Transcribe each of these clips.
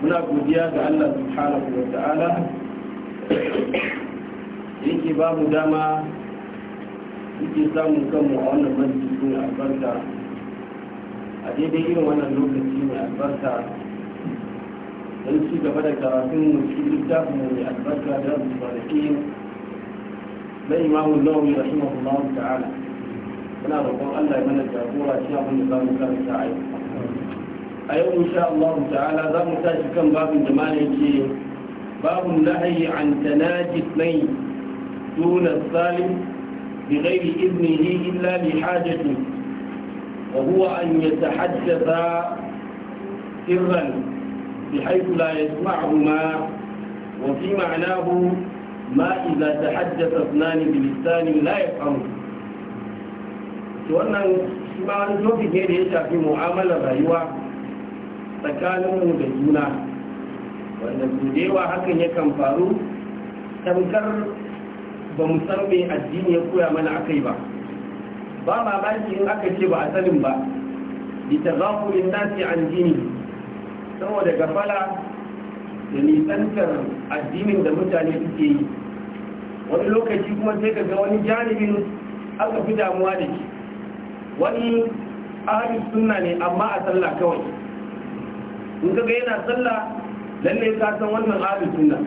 muna godiya ga Allah subhanahu wa ta'ala yake ba mu dama yake samun kanmu a wannan masjidi mai albarka a daidai irin wannan lokaci mai albarka don ci gaba da karatun mu cikin littafin mai albarka da su kwanaki na imamu nawawi rahimahullahu ta'ala muna roƙon Allah ya mana jagora shi abin da za mu karanta a yau a yau insha Allah ta'ala za mu tashi kan babin da mana yake babun nahyi an tanaji nay دون الثالث بغير إذنه إلا لحاجة وهو أن يتحدث سرا بحيث لا يسمعهما وفي معناه ما إذا تحدث اثنان بلسان لا يفهمه wannan shi wani topic ne da ya shafi mu'amalar rayuwa tsakaninmu da juna wanda su dewa hakan yakan faru tamkar ba mu san mai addini ya koya mana aka yi ba ba ma mamaki in aka ce ba a sanin ba ku yi nasi an jini saboda gafala da nisantar addinin da mutane suke yi wani lokaci kuma sai ka ga wani janibin aka fi damuwa da shi wani ahalin suna ne amma a sallah kawai in kaga yana sallah lalle ka san wannan ahlus sunna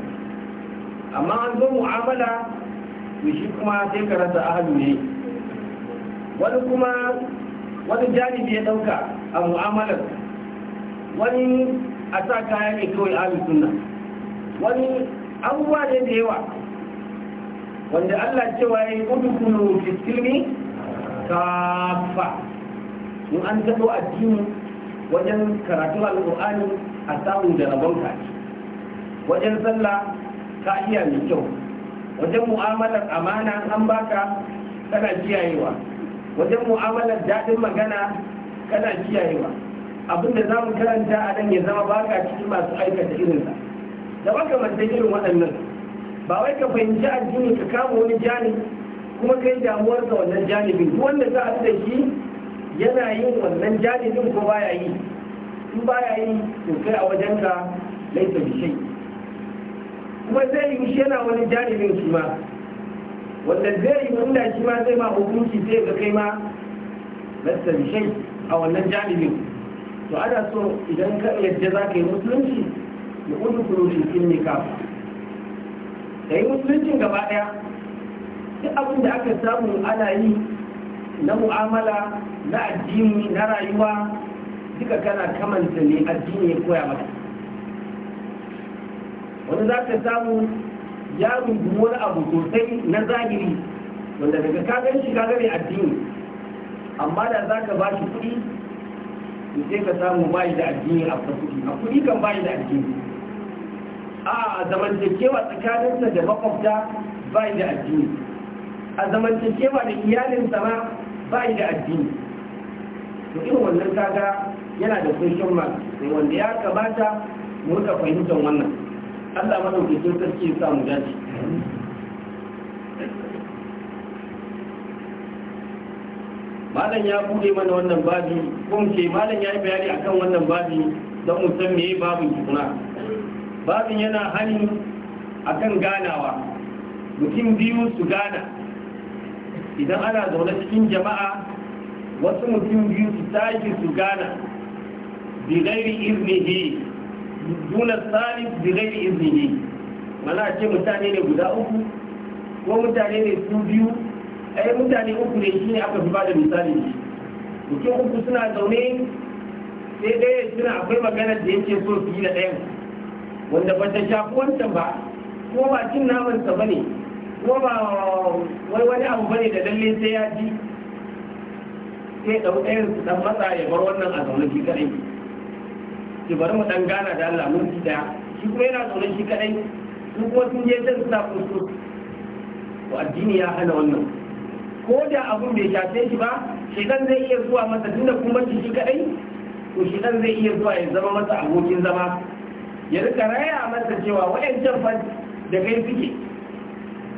amma an zo mu'amala to shi kuma sai ka rasa ahlu ne wani kuma wani janibi ya ɗauka a mu'amalar wani a sa kaya ne kawai ahlus sunna wani abubuwa ne da yawa wanda Allah cewa ya yi udukulu fi silmi kafa in an taɓo addini wajen karatu alƙur'ani a samu da rabon ka wajen sallah ka iya mai kyau wajen mu'amalar amana an baka kana kiyayewa wajen mu'amalar daɗin magana kana kiyayewa abinda za mu karanta a nan ya zama baka cikin masu aikata irinsa da mace irin waɗannan ba wai ka fahimci addini ka kama wani jani kuma kai damuwarsa wannan janibin wanda za a da shi yana yin wannan jadidin ko baya yi in baya yi to kai a wajenka laifa bishai kuma zai yi shi yana wani jadidin shi ma wanda zai yi wanda shi ma zai ma hukunci sai ga kai ma lasta bishai a wannan jadidin to ana so idan ka yadda za ka yi musulunci ya kudu kudu shi kafa ka yi musuluncin gaba ɗaya duk abin da aka samu ana yi na mu'amala na addini na rayuwa duka kana kamanta ne addini ya koya maka wani za ka samu ya rungumi wani abu sosai na zahiri wanda daga kagan shi ka gane addini amma da za ka ba shi kuɗi sai ka samu bayi da addini a kuɗi a kuɗi kan bayi da addini a zamantakewa tsakaninsa da makwabta bayi da addini a zamantakewa da iyalinsa ma ba da addini to irin wannan kaga yana da question mark wanda ya kamata mu rika fahimtar wannan Allah madaukakin sarki ya sa mu dace malam ya bude mana wannan babi kun ce malam ya yi bayani akan wannan babi don mu san meye babin tukuna babin yana hani akan ganawa mutum biyu su gana idan ana zaune cikin jama'a wasu mutum biyu su tashi su gana bigairi iznihi duna salif bigairi iznihi mana ce mutane ne guda uku ko mutane ne su biyu ai mutane uku ne shi ne aka fi bada misali shi mutum uku suna zaune sai ɗaya suna akwai maganar da yake so su yi da ɗayan wanda ba ta shafi wancan ba ko ba cin namansa ba ne kuma ba wai wani abu bane da lalle sai ya ji sai ɗau ɗayan su ɗan matsa ya bar wannan a zaune shi kaɗai ki bari mu ɗan gana da Allah mun ji daya. shi kuma yana zaune shi kaɗai su kuma sun je can sa kusu to addini ya hana wannan ko da abun bai shafe shi ba shedan zai iya zuwa masa tunda kuma shi kaɗai to shedan zai iya zuwa ya zama masa abokin zama ya rika raya masa cewa wayancan fa da kai suke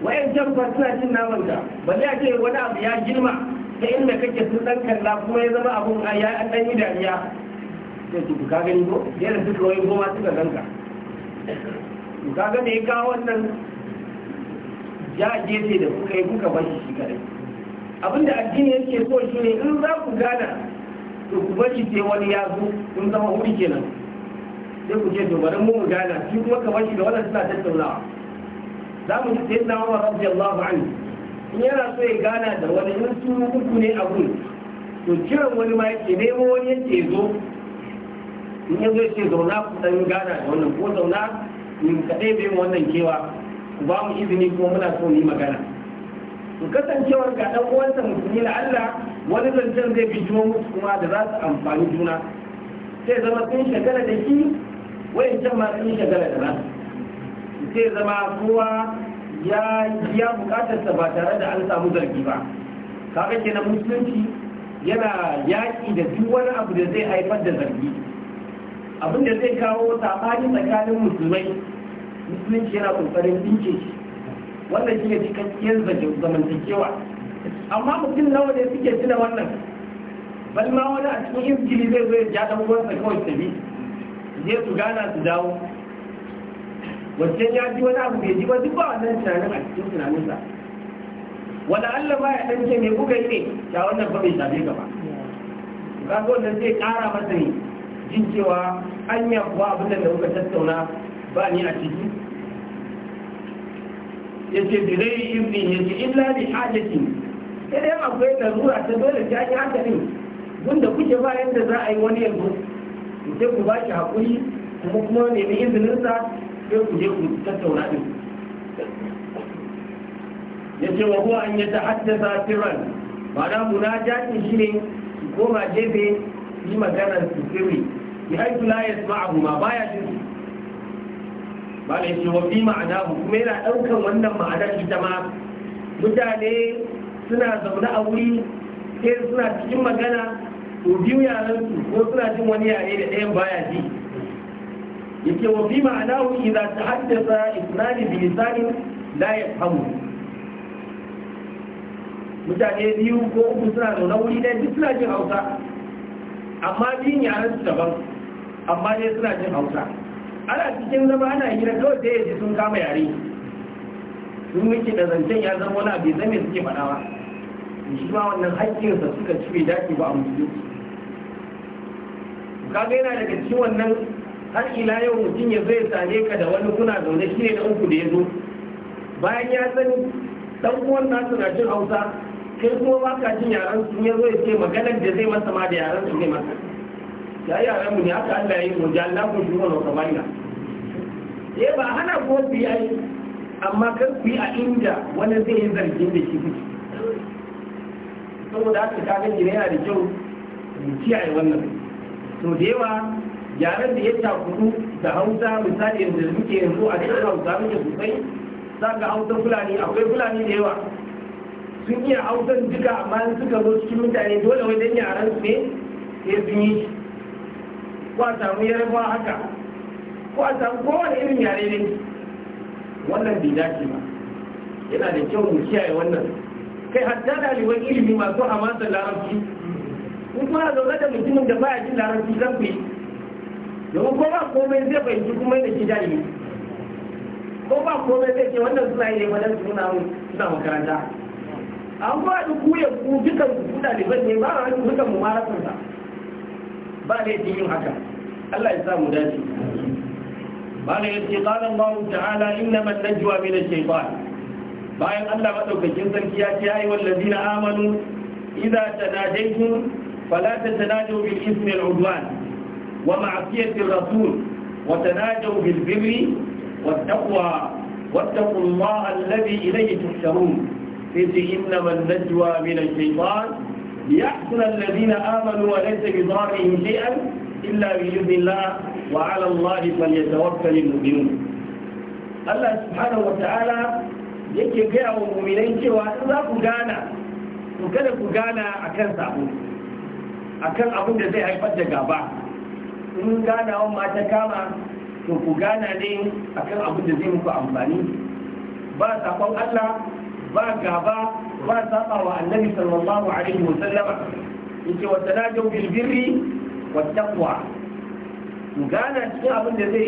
wayan jan suna cin naman ta balle a ce wani abu ya girma ta inda kake sun dan kalla kuma ya zama abun a ya an dan yi dariya sai su ka gani ko yana suka wai goma suka ganka to ka ga me kawo wannan ya gefe da kuka yi kuka bashi shi kare abinda addini yake so ne in za ku gana to ku bashi sai wani ya zo kun zama wuri kenan sai ku ce to bari mu gana shi kuma ka bashi da wannan suna tattaunawa za mu ji sai na umar radiyallahu anhu in yana so ya gana da wani in su uku ne a gun to kiran wani ma yake nemo wani yake zo in yanzu zo ya ce zauna ku dan gana da wannan ko zauna in kaɗai bai wannan kewa ku ba mu izini kuma muna so mu yi magana to kasancewar ga dan uwansa musulmi na Allah wani zancen zai bi juma musu kuma da za su amfani juna sai zama sun shagala da shi wayancan ma sun shagala da nasu zai zama kowa ya ya sa ba tare da an samu zargi ba kaga kenan musulunci yana yaƙi da duk wani abu da zai haifar da zargi abin da zai kawo sabani tsakanin musulmai musulunci yana kokarin dinke shi wannan shi ne cikakkiyar zamantakewa amma mutum nawa ne suke tuna wannan bal ma wani a cikin injili zai zo ya ja dan uwansa kawai tabi zai su gana su dawo wajen ya ji wani abu bai ji ba duk ba wannan tunanin a cikin tunaninsa wala Allah ba ya dan ce me kuka yi ne ta wannan ba bai shafe ka ba ka ga wannan zai kara masa ne jin cewa yi abuwa abin da kuka tattauna ba ni a ciki Ya ce yace bidai ibni ce in bi hajatin sai dai akwai larura ta dole ta yi haka ne wanda kuke ba yadda za a yi wani yanzu sai ku ba shi haƙuri kuma kuma nemi izininsa sai ku je ku tattauna din ya ce wa huwa an ya ta'addasa sirran ma'ana munajatin shi ne su koma jefe yi maganar su sirri bi haifu la yasma'u ma baya jin su ba da yake wa fi ma'ana kuma yana ɗaukan wannan ma'anar ita ma mutane suna zaune a wuri sai suna cikin magana to biyu yaran su ko suna jin wani yare da ɗayan baya ji yake wa fi ma'anahu idza tahaddatha isnani bi lisani la yafhamu mutane biyu ko uku suna zaune wuri ɗaya duk suna jin hausa amma biyun yaran su daban amma dai suna jin hausa ana cikin zama ana hira kawai sai yaji sun kama yare sun miki da zancen ya zama wani abu zai suke faɗa ba shi ma wannan haƙƙinsa suka ci mai dace ba a musulunci kaga yana daga cikin wannan har ila yau mutum ya zai same ka da wani kuna zaune shi ne na uku da ya zo bayan ya sani dan uwan nasu na jin hausa kai kuma ba ka jin yaran su ya zo ya ce maganar da zai masa ma da yaran su zai masa ya yaran mu ne haka Allah ya yi mu jalla ku shi kamar kamalina Ya ba hana ko ku yi amma kar ku yi a inda wani zai yi zargin da shi kuke saboda haka ka ne yana da kyau mu kiyaye wannan to da yawa yaren da ya takuru da hausa misali yanzu muke yanzu a cikin hausa muke sosai za ga hausa fulani akwai fulani da yawa sun iya hausan duka amma suka zo cikin mutane dole wai dan yaran su ne sai sun yi ko a samu yarabawa haka ko a samu kowane irin yare ne wannan bai dace ba yana da kyau mu kiyaye wannan kai hatta liwan ilimi masu hamasan larabci in kuna zaune da mutumin da baya jin larabci zan fi domin ko ba komai zai fahimci kuma da shi jari ko ba komai zai ce wannan suna yi wannan suna suna makaranta an ba da ku ya ku dukan ku ɗaliban ne ba a hannun dukan mu marasansa ba da yake yin haka Allah ya sa mu dace ne ya ce qala Allah ta'ala innamal najwa min ash-shaytan bayan Allah madaukakin sarki ya ce ayi wallazina amanu idza tanajaytum fala tatanaju bil ismi al-udwan ومعصية الرسول وتناجوا بالبر والتقوى واتقوا الله الذي إليه تحشرون إذ إنما النجوى من الشيطان ليحسن الذين آمنوا وليس بضارهم شيئا إلا بإذن الله وعلى الله فليتوكل المؤمنون الله سبحانه وتعالى ta'ala yake gaya wa muminai cewa in za ku gana to kada ku gana akan sabo akan abin da zai haifar da gaba in ganawan ma ta kama to ku gana ne a kan abin da zai muku amfani ba sakon Allah ba gaba ba saba wa annabi sallallahu alaihi wa sallama yake wa tanajaw bil birri wat kuwa. ku gana cikin abin da zai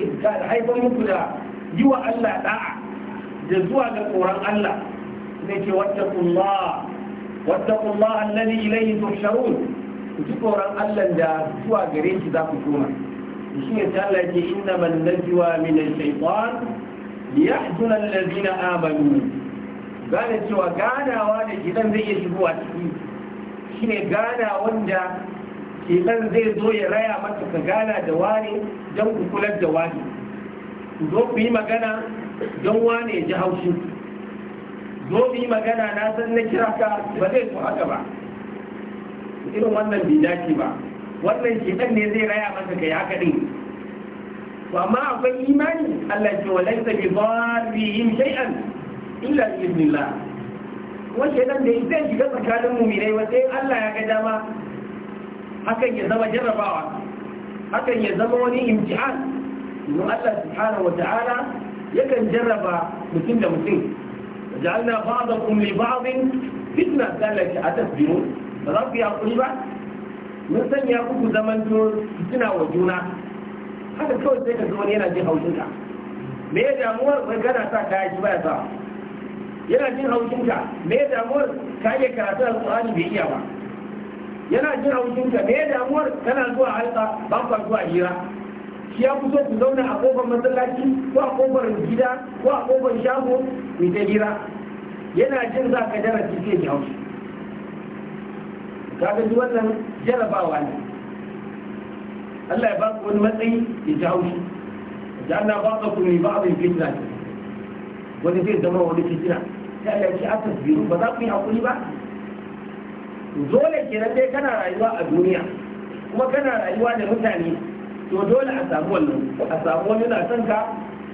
haifar muku da yi wa Allah da'a da zuwa ga tsoron Allah ne ke wattaqullah wattaqullaha alladhi ilayhi tuhsharun ku ji tsoron Allah da zuwa gare shi za ku koma shi ne ta Allah ke inna man najwa min Ya shaytan liyahzuna alladhina amanu gane cewa ganawa da kidan zai iya a ciki ne gana wanda kidan zai zo ya raya maka ka gana da wani don ku kula da wani ku zo ku yi magana don wani ya ji haushi zo ku yi magana na san na kira ka ba zai ku haka ba irin wannan bai dace ba wannan shedan ne zai raya masa kai haka din to amma akwai imani Allah ce wa laysa bi dharrihim shay'an illa bi idnillah kuma shedan da zai shiga tsakanin mu'minai wa sai Allah ya ga dama hakan ya zama jarrabawa hakan ya zama wani imtihan don Allah subhanahu wa ta'ala yakan jarraba mutum da mutum ja'alna ba'dakum li ba'din fitna dalaka atasbirun ba za ku yi ba mun sanya kuku zaman to suna wa juna haka kawai sai ka zo wani yana jin haushinka me ya damuwar wai gana sa kaya shi baya sa yana jin haushinka me ya damuwar ka yi karatu tsohani bai iya ba yana jin haushinka me ya damuwar kana zuwa halka ba ka zuwa hira shi ya kuso ku zauna a kofar masallaci ko a kofar gida ko a kofar shago mai ta hira yana jin za ka darasi sai ya haushi kaga duk wannan jarabawa ne Allah ya ba ku wani matsayi ya jawo shi janna ba ka kuma ba abin fitna wani zai zama wani fitina sai Allah ya ce aka biyu ba za ku yi hakuri ba dole kenan dai kana rayuwa a duniya kuma kana rayuwa da mutane to dole a samu wannan a samu wani na son ka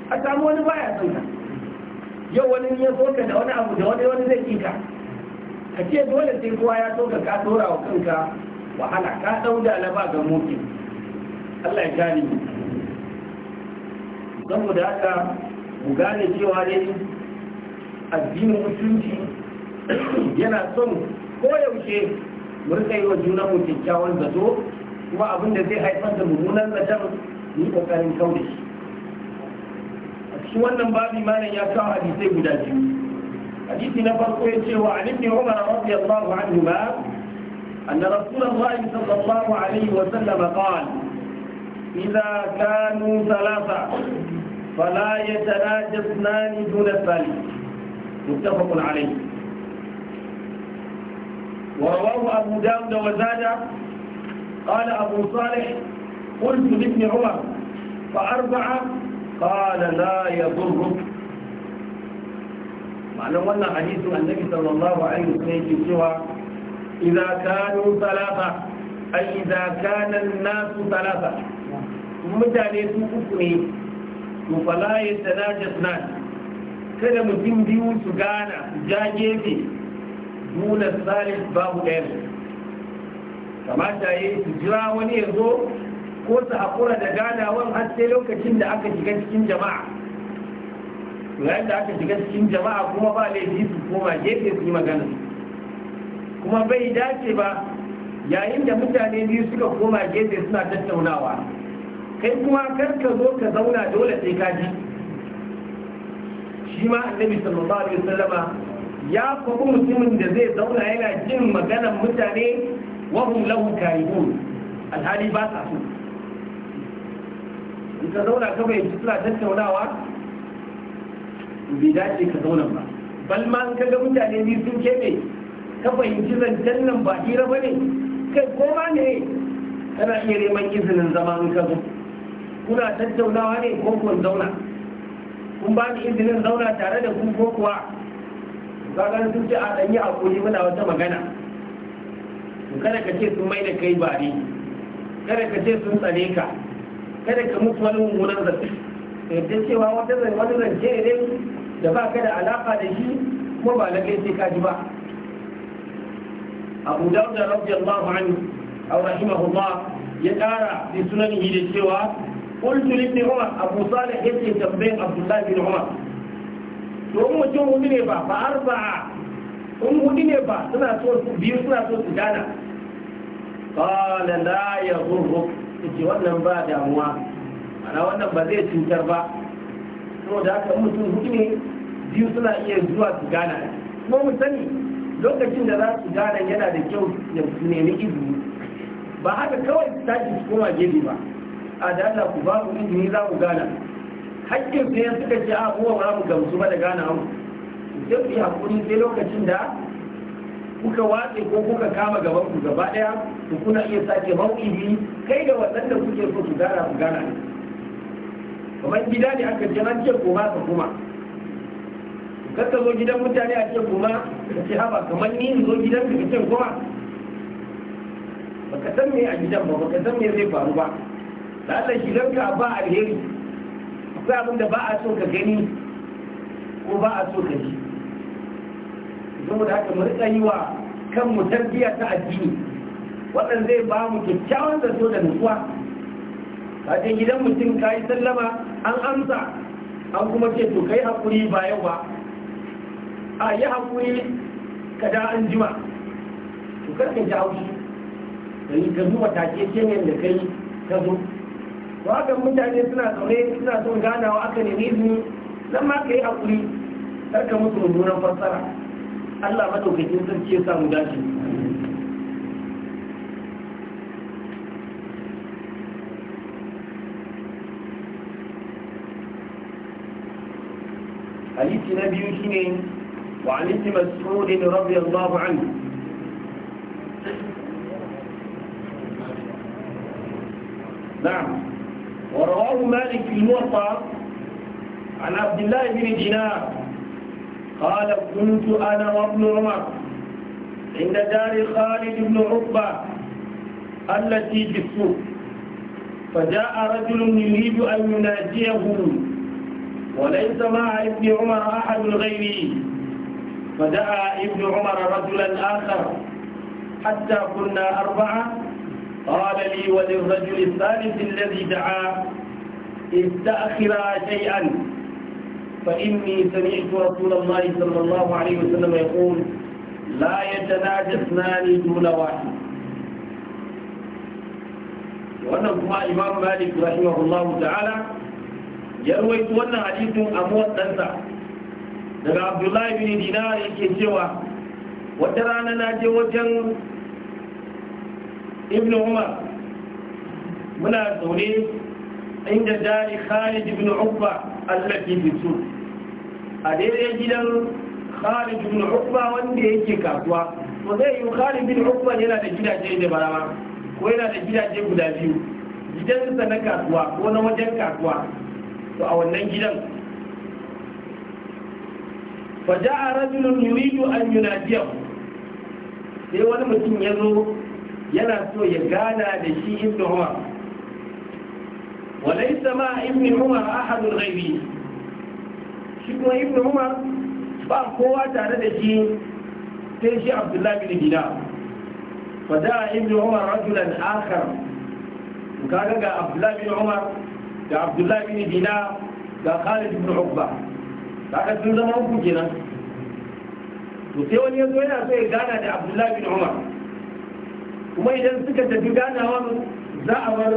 a samu wani baya son ka yau wani ne ya so ka da wani abu da wani wani zai ki ka ka ce dole sai kowa ya so ka ka wa kanka wahala ka dauda na ba ga mutum Allah ya don mu saboda haka mu gane cewa ne addinin mutunci yana son koyaushe mu rika yi wa juna mu kyakkyawan zato kuma abin da zai haifar da mummunan zaton ni kokarin kaude shi a cikin wannan babi malam ya kawo hadisai guda biyu حديث نفر قيل وعن ابن عمر رضي الله عنهما أن رسول الله صلى الله عليه وسلم قال إذا كانوا ثلاثة فلا يتناجى اثنان دون الثالث متفق عليه ورواه أبو داود وزاد قال أبو صالح قلت لابن عمر فأربعة قال لا يضرك ma'anar wannan hadisin annabi sallallahu alaihi wasallam yake cewa idza kanu salasa ay idza kana an-nasu salasa mutane su uku ne to fala yatanajasna kada mutum biyu su gana su ja gefe duna salis babu ɗaya kamata ya yi su jira wani ya zo ko su haƙura da ganawar har sai lokacin da aka shiga cikin jama'a yayin da aka shiga cikin jama'a kuma ba laifi su koma gefe su yi magana kuma bai dace ba yayin da mutane biyu suka koma gefe suna tattaunawa kai kuma kar ka zo ka zauna dole sai ka ji shi ma annabi sallallahu alaihi wasallama ya faɗi mutumin da zai zauna yana jin magana mutane hum lahu karihun alhali ba sa so in ka zauna ka bai suna tattaunawa bai dace ka zauna ba bal ma an kaga mutane biyu sun keɓe ka fahimci zancen nan ba hira ba ne kai ma ne kana iya neman izinin zama in ka zo kuna tattaunawa ne ko kun zauna kun ba ni izinin zauna tare da ku ko kuwa kaga sun ce a ɗanyi hakuri muna wata magana kada ka ce sun mai da kai bare kada ka ce sun tsare ka kada ka mutu wani mummunan zafi da cewa wata zance ne da ba ka da alaƙa da shi kuma ba lallai sai ka ji ba abu da dauda radiyallahu anhu aw rahimahullah ya kara bi sunanihi da cewa قلت لابن عمر ابو صالح يبكي تنبيه عبد الله بن عمر domin mutum hudu ne ba ba arba'a in hudu ne ba suna so biyu suna so su gana qala la yadhurru ce wannan ba damuwa ana wannan ba zai cutar ba da mutum hudu biyu suna iya zuwa su gana kuma mu sani lokacin da za su gana yana da kyau da su nemi izini ba haka kawai su tashi su koma gefe ba a da Allah ku ba ku izini za mu gana hakkin su suka ce a kuma ba mu gamsu ba da gana mu sai ku yi hakuri sai lokacin da kuka watse ko kuka kama gaban ku gaba daya ku kuna iya sake mawuyi kai da waɗanda kuke so su gana ku gana ne kamar gida ne aka jira ce koma ka kuma kar ka zo gidan mutane a ce koma ka ce haba kamar ni in zo gidan ka ce koma baka san me a gidan ba baka san me zai faru ba da Allah gidan ka ba alheri akwai abin da ba a so ka gani ko ba a so ka ji saboda haka mu rika yi wa kanmu tarbiyya ta addini wannan zai ba mu kyakkyawan zato da nutsuwa ka gidan mutum ka yi sallama an amsa an kuma ce to kai hakuri ba yau ba a yi hakuri ka da an jima to kar ji haushi da yi ka wata take kenan da kai ka zo to haka mutane suna zaune suna son ganawa aka nemi izini zan ma ka yi hakuri karka ka nunan mummunan fassara Allah madaukakin sarki ya samu dace حديث na biyu وعن ابن مسعود رضي الله عنه نعم ورواه مالك في الموطا عن عبد الله بن دينار قال كنت انا وابن عمر عند دار خالد بن عقبه التي في السوق فجاء رجل يريد ان يناجيه وليس مع ابن عمر أحد غيري فدعا ابن عمر رجلا آخر حتى كنا أربعة قال لي وللرجل الثالث الذي دعا استأخرا شيئا فإني سمعت رسول الله صلى الله عليه وسلم يقول لا يتناجى اثنان دون واحد وأنه كما إمام مالك رحمه الله تعالى ya ruwaito wannan hadisin a muwaddansa daga abdullahi bin dinar yake cewa wata rana na je wajen ibn umar muna zaune inda dari khalid ibn ukba allafi bisu a daidai gidan khalid ibn ukba wanda yake kasuwa ko zai yi khalid ibn ukba yana da gidaje da barama ko yana da gidaje guda biyu gidansa na kasuwa ko na wajen kasuwa to a wannan gidan faja a rajunan yuridu an yunajiyar sai wani mutum ya zo yana so ya gana da shi inda huwa walai sama imni huwa a hannun raibi shi kuma imni huwa ba kowa tare da shi sai shi abdullahi da gida faja a imni huwa rajunan akar ga abdullahi da da abdullahi bin dina da khalid bin da kaga sun zama uku kenan to sai wani yazo yana so ya gana da abdullahi bin umar kuma idan suka tafi ganawa za a bar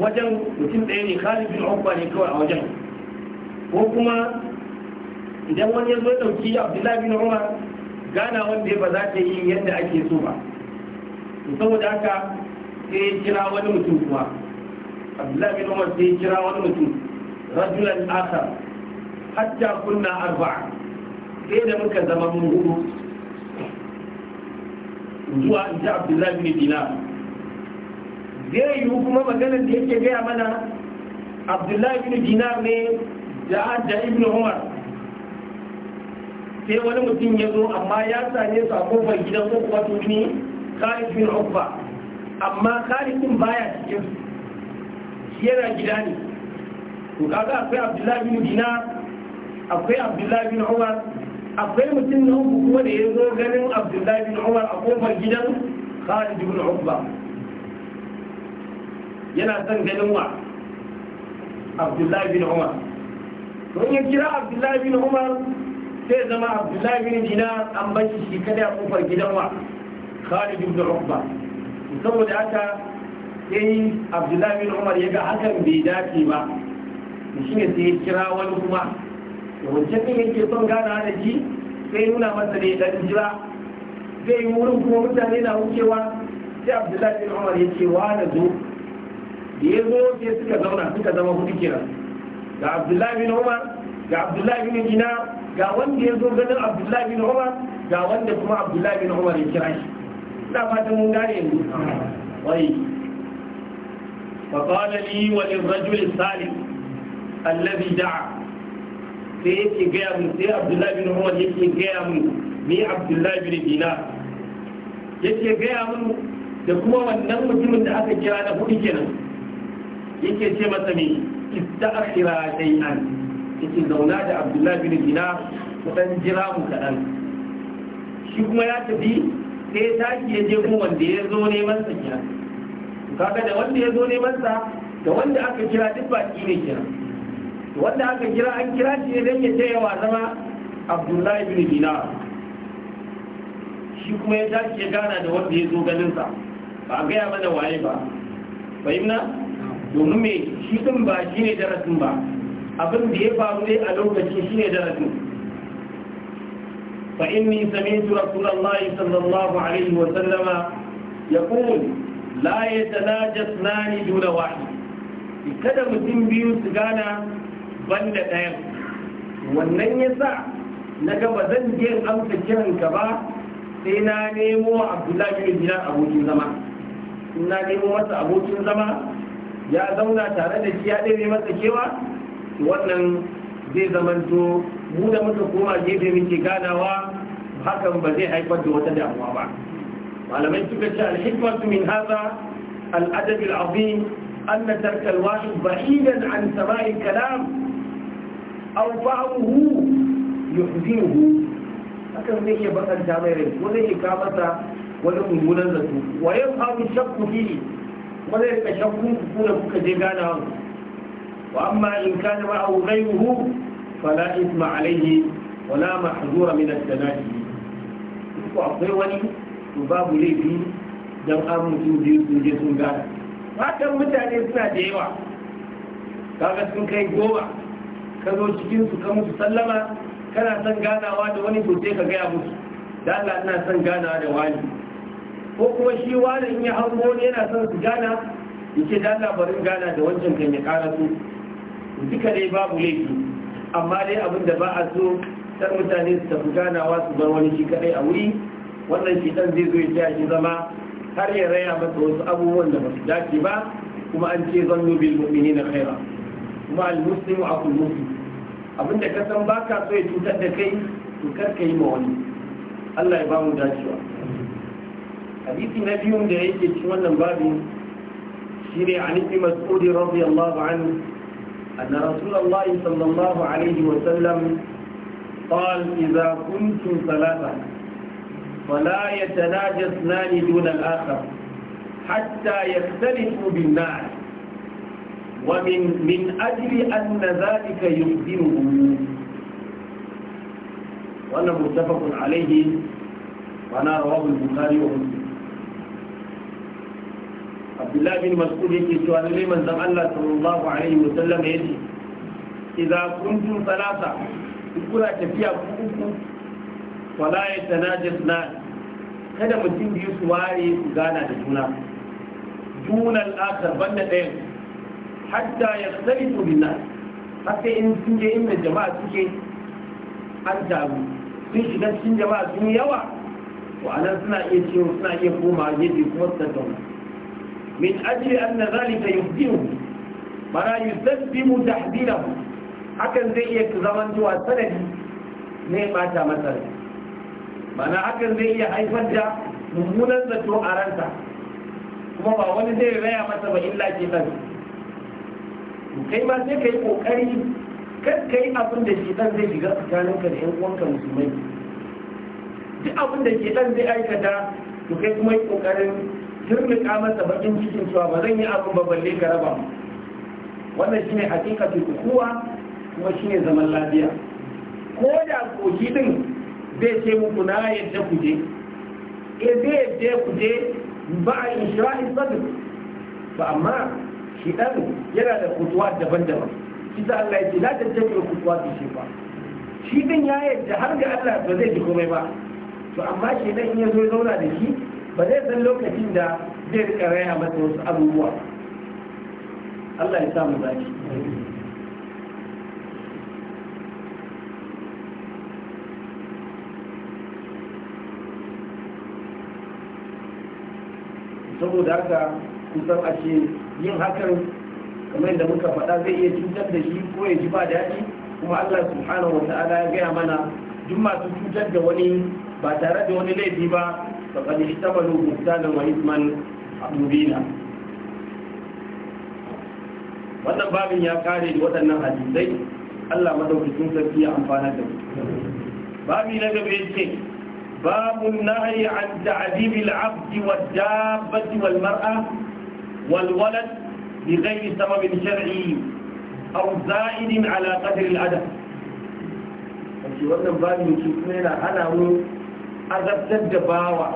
wajen mutum ɗaya ne khalid bin ukba ne kawai a wajen ko kuma idan wani ya zo ya ɗauki abdullahi bin umar gana wanda ba za ta yi yadda ake so ba saboda haka sai kira wani mutum kuma abdullahi bin umar sai kira wani mutum rajulan akhar hatta kunna arba'a sai da muka zama mun hudu zuwa inji abdullahi bin dinar zai yi kuma maganar da yake gaya mana abdullahi bin dinar ne da hajja ibn umar sai wani mutum ya zo amma ya same su a kofar gidan ko kuwa tuni khalid bin ukba amma khalid din baya cikin yana gida ne to kaga akwai abdullahi bin Dina, akwai abdullahi bin umar akwai mutum na uku kuma da ya zo ganin abdullahi bin umar a kofar gidan khalid bin ubba yana son ganin wa abdullahi bin umar don ya kira abdullahi bin umar sai zama abdullahi bin Dina an bashi shi kada a kofar gidan wa khalid bin ubba saboda haka sai abdullahi bin umar ya ga hakan bai dace ba shi ne sai kira wani kuma wancan ɗin yake son gana da shi sai nuna masa ne dan jira zai wurin kuma mutane na wucewa sai abdullahi bin umar ya ce wa na zo da ya zo sai suka zauna suka zama hudu kenan ga abdullahi bin umar ga abdullahi bin ina ga wanda ya zo ganin abdullahi bin umar ga wanda kuma abdullahi bin umar ya kira shi ina fatan mun gane yanzu wai فقال لي وللرجل الثالث الذي دعا سيكي قيام سي عبد الله بن عمر يكي قيام عبد الله بن دينار يكي قيام da kuma wannan mutumin da aka kira na hudu kenan yake ce masa me ista'khira shay'an yake zauna da Abdullahi bin Dinar ku jira mu shi kuma ya tafi sai taki ya wanda ya zo neman kaga da wanda ya zo neman sa da wanda aka kira duk baki ne kira wanda aka kira an kira shi ne dan ya taya wa zama Abdullahi bin Dinar shi kuma ya tashi ya gana da wanda ya zo ganin sa ba a gaya mana waye ba fahimna domin me shi din ba shi ne darasin ba abin da ya faru ne a lokacin shi ne darasin fa inni sami'tu rasulullahi sallallahu alaihi wa sallama yaqul la ya tanajas nani duna wahid kada mutum biyu su gana banda ɗaya wannan ya sa na gaba zan je amsa kiranka ba sai na nemo abdullahi bin jinar abokin zama na nemo masa abokin zama ya zauna tare da shi ya ɗaya masa kewa wannan zai zamanto mu da muka koma gefe muke ganawa hakan ba zai haifar da wata damuwa ba وعلم أن تبتع الحكمة من هذا الأدب العظيم أن ترك الواحد بعيدا عن سماء الكلام أو بعضه يحزنه أكثر من هي بطا الجامعين ولا هي كامتا ولا هي ملزة ويبقى الشك فيه ولا هي كشك كون أبوك وأما إن كان معه غيره فلا إثم عليه ولا محذور من التناجي to babu laifi don an mutum biyu sun je sun gana fatan mutane suna da yawa kaga sun kai goma ka zo cikin su ka musu sallama kana son ganawa da wani to sai ka gaya musu da Allah ina son ganawa da wani ko kuma shi wani in ya hango ne yana son su gana yake da Allah barin gana da wancan kan ya kara su duka dai babu laifi amma dai abin da ba a so san mutane su tafi ganawa su bar wani shi kadai a wuri wannan shedan zai zo ya shi zama har ya raya masa wasu abubuwan da ba su dace ba kuma an ce zan nubi bil na khaira kuma al muslimu aqul muslim abinda ka san ba ka so ya cutar da kai to kar ka yi ma wani Allah ya ba mu dacewa hadisi na biyun da yake cikin wannan babin shine an ibn mas'ud radiyallahu anhu أن رسول الله صلى الله عليه وسلم قال إذا كنتم فلا يتناجى اثنان دون الآخر حتى يختلفوا بالنار ومن من أجل أن ذلك يخدمهم وأنا متفق عليه وأنا رواه البخاري ومسلم عبد الله بن مسعود يكي سؤال لي من زمان الله صلى الله عليه وسلم يجي إذا كنتم ثلاثة كنا تفيا كنتم wala ya tanajis suna kada mutum biyu su ware su gana da juna junan akar banda ɗayan hatta ya tsari to bina haka in sun je inda jama'a suke an taru sun shiga cikin jama'a sun yawa to anan suna iya cewa suna iya koma gefe kuma su tattauna min ajli anna zalika yufdihu mara da tahdirahu hakan zai iya zaman zuwa sanadi ne bata masa mana hakan zai iya haifar da mummunan zato a ranta, kuma ba wani zai raya masa ba illa ke nan kai ma sai ka yi kokari kan ka yi abin da ke zai shiga ka da yan uwanka musulmai duk abin da ke zai aikata to kai kuma yi kokarin turmika masa bakin cikin cewa ba zan yi abin ba balle ka raba wannan shine hakikatu kuwa kuma shine zaman lafiya ko da koki din zai ce muku na yadda ku je e zai yadda ku je ba a inshirahi sadr ba amma shi dan yana da kutuwa daban-daban shi sa Allah ya ce la tattabi'u kutuwa shi ba shi ɗin ya yadda har ga Allah ba zai ji komai ba to amma shi dan in ya zo zauna da shi ba zai san lokacin da zai rika raya masa wasu abubuwa Allah ya samu zaki saboda haka kusan a ce yin hakan kamar yadda muka faɗa zai iya cutar da shi ko ya ji ba daɗi kuma allah subhanahu wa ta'ala ya gaya mana duk masu cutar da wani ba tare da wani laifi ba ba faƙad ishtamalu da wa a mubina wannan babin ya kare da waɗannan hadisai allah madaukakin sarki ya amfana da mu babi na gaba ya ce. باب النهي عن تعذيب العبد والدابة والمرأة والولد بغير سبب شرعي أو زائد على قدر الأدب shi wannan babin shi kuma yana hana mu azabtar da bawa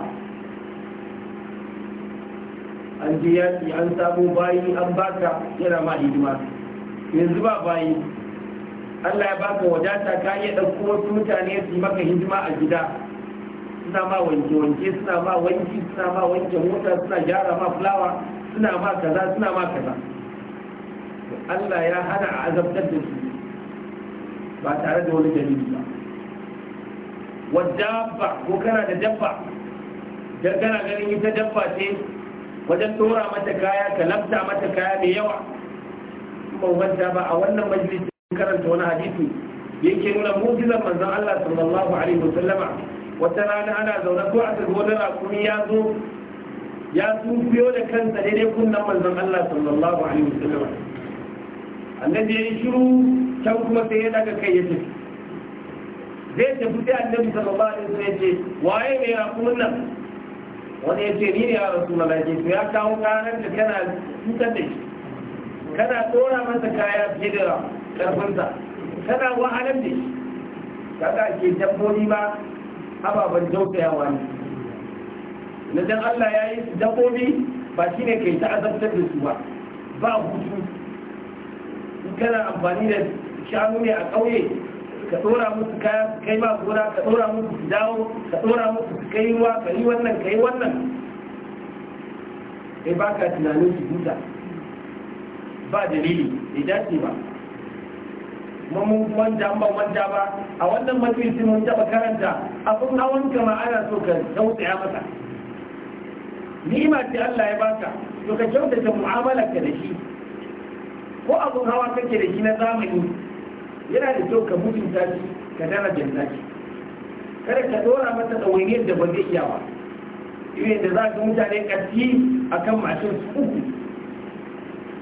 an je yaƙi an samu bayi an baka yana yanzu ba bayi Allah ya baka wadata ka iya ɗauko wasu mutane su yi maka hidima a gida suna ma wanke-wanke suna ma wanki suna ma wanke mota suna gyara ma fulawa suna ma kaza suna ma kaza Allah ya hana a azabtar da su ba tare da wani dalili ba wadda ba ko kana da dabba dan kana ganin ita dabba ce wajen tora mata kaya ka lafta mata kaya mai yawa kuma wanda ba a wannan majalisin karanta wani hadisi yake nuna mu'jizar manzon Allah sallallahu alaihi wasallama wata rana ana zaune ko a turbo da rakumi ya zo ya tsufiyo da kansa daidai kunnan manzon Allah sallallahu alaihi wasallam annabi ya yi shiru can kuma sai ya daga kai ya tafi zai tafi sai annabi sallallahu alaihi wasallam ya ce waye mai rakumin nan wani ya ce ni ne ya rasu na lafi to ya kawo kanar da kana cutar da shi kana tsora masa kaya fiye da karfinsa kana wahalar da shi kaga ke dabbobi ba ababen tausayawa ne na dan Allah ya yi dabobi ba shi ne kai ta azabtar da su ba ba hutu in kana amfani da shanu ne a ƙauye ka ɗora musu kaya kai ma gora ka ɗora musu su dawo ka ɗora musu su kai ruwa ka yi wannan ka yi wannan kai ba ka tunanin su huta ba dalili bai dace ba mun manja ba manja ba a wannan majalisi mun taba karanta abun hawan kama ana so ka tausaya masa ni'ima ce Allah ya baka to ka kyautata mu'amala ka da shi ko abin hawa kake da shi na zamani yana da kyau ka mutunta shi ka darajar shi kada ka dora masa ɗawainiyar da ba zai iya ba irin da za ka mutane ƙarfi akan mashin su uku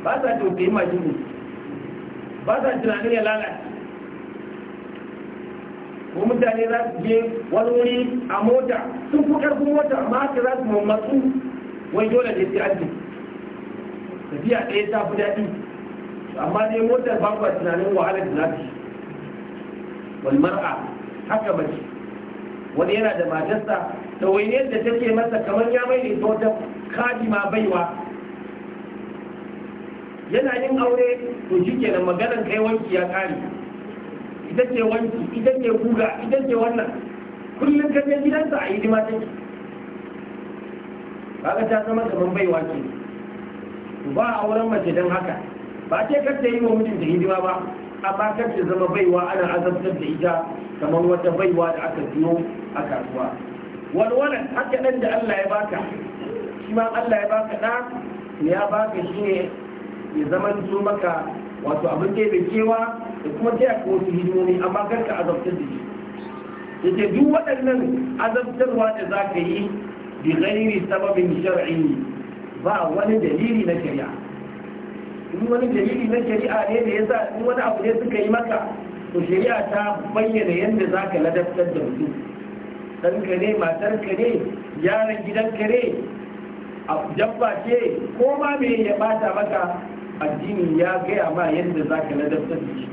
ba sa tausayi mashin ne ba sa tunanin ya lalace ko mutane za su je wani wuri a mota sun fi ƙarfin mota amma haka za su mamatsu wai dole da ya ce tafiya ɗaya ta fi daɗi amma dai motar ba kwa tunanin wahalar da za wani mar'a haka mace wani yana da matarsa da yadda ta take masa kamar ya mai ne ta wata ma baiwa yana yin aure to shi kenan maganan kai wanki ya kare idan ke wanki idan ke guga idan ke wannan kullum ka je gidansa a hidima ba ka ta zama kamar baiwa ke, ba a auren mace don haka ba ce kar ta yi wa mijinta hidima ba amma kar ta zama baiwa ana azabtar da ita kamar wata baiwa da aka siyo a kasuwa walwala haka nan da Allah ya baka shi ma Allah ya baka da ya baka shi ne ya zama su maka wato abin da ya kewa da kuma taya ka wasu hidimomi amma kar ka azabtar da shi duk waɗannan azabtarwa da za ka yi bi ghairi sababin shar'i ba wani dalili na shari'a in wani dalili na shari'a ne da yasa in wani abu ne suka yi maka to shari'a ta bayyana yadda za ka ladabtar da mutum ka ne matar ka ne yaran ka ne a jabba ce ko ma me ya bata maka addini ya gaya ma yadda za ka ladabtar da shi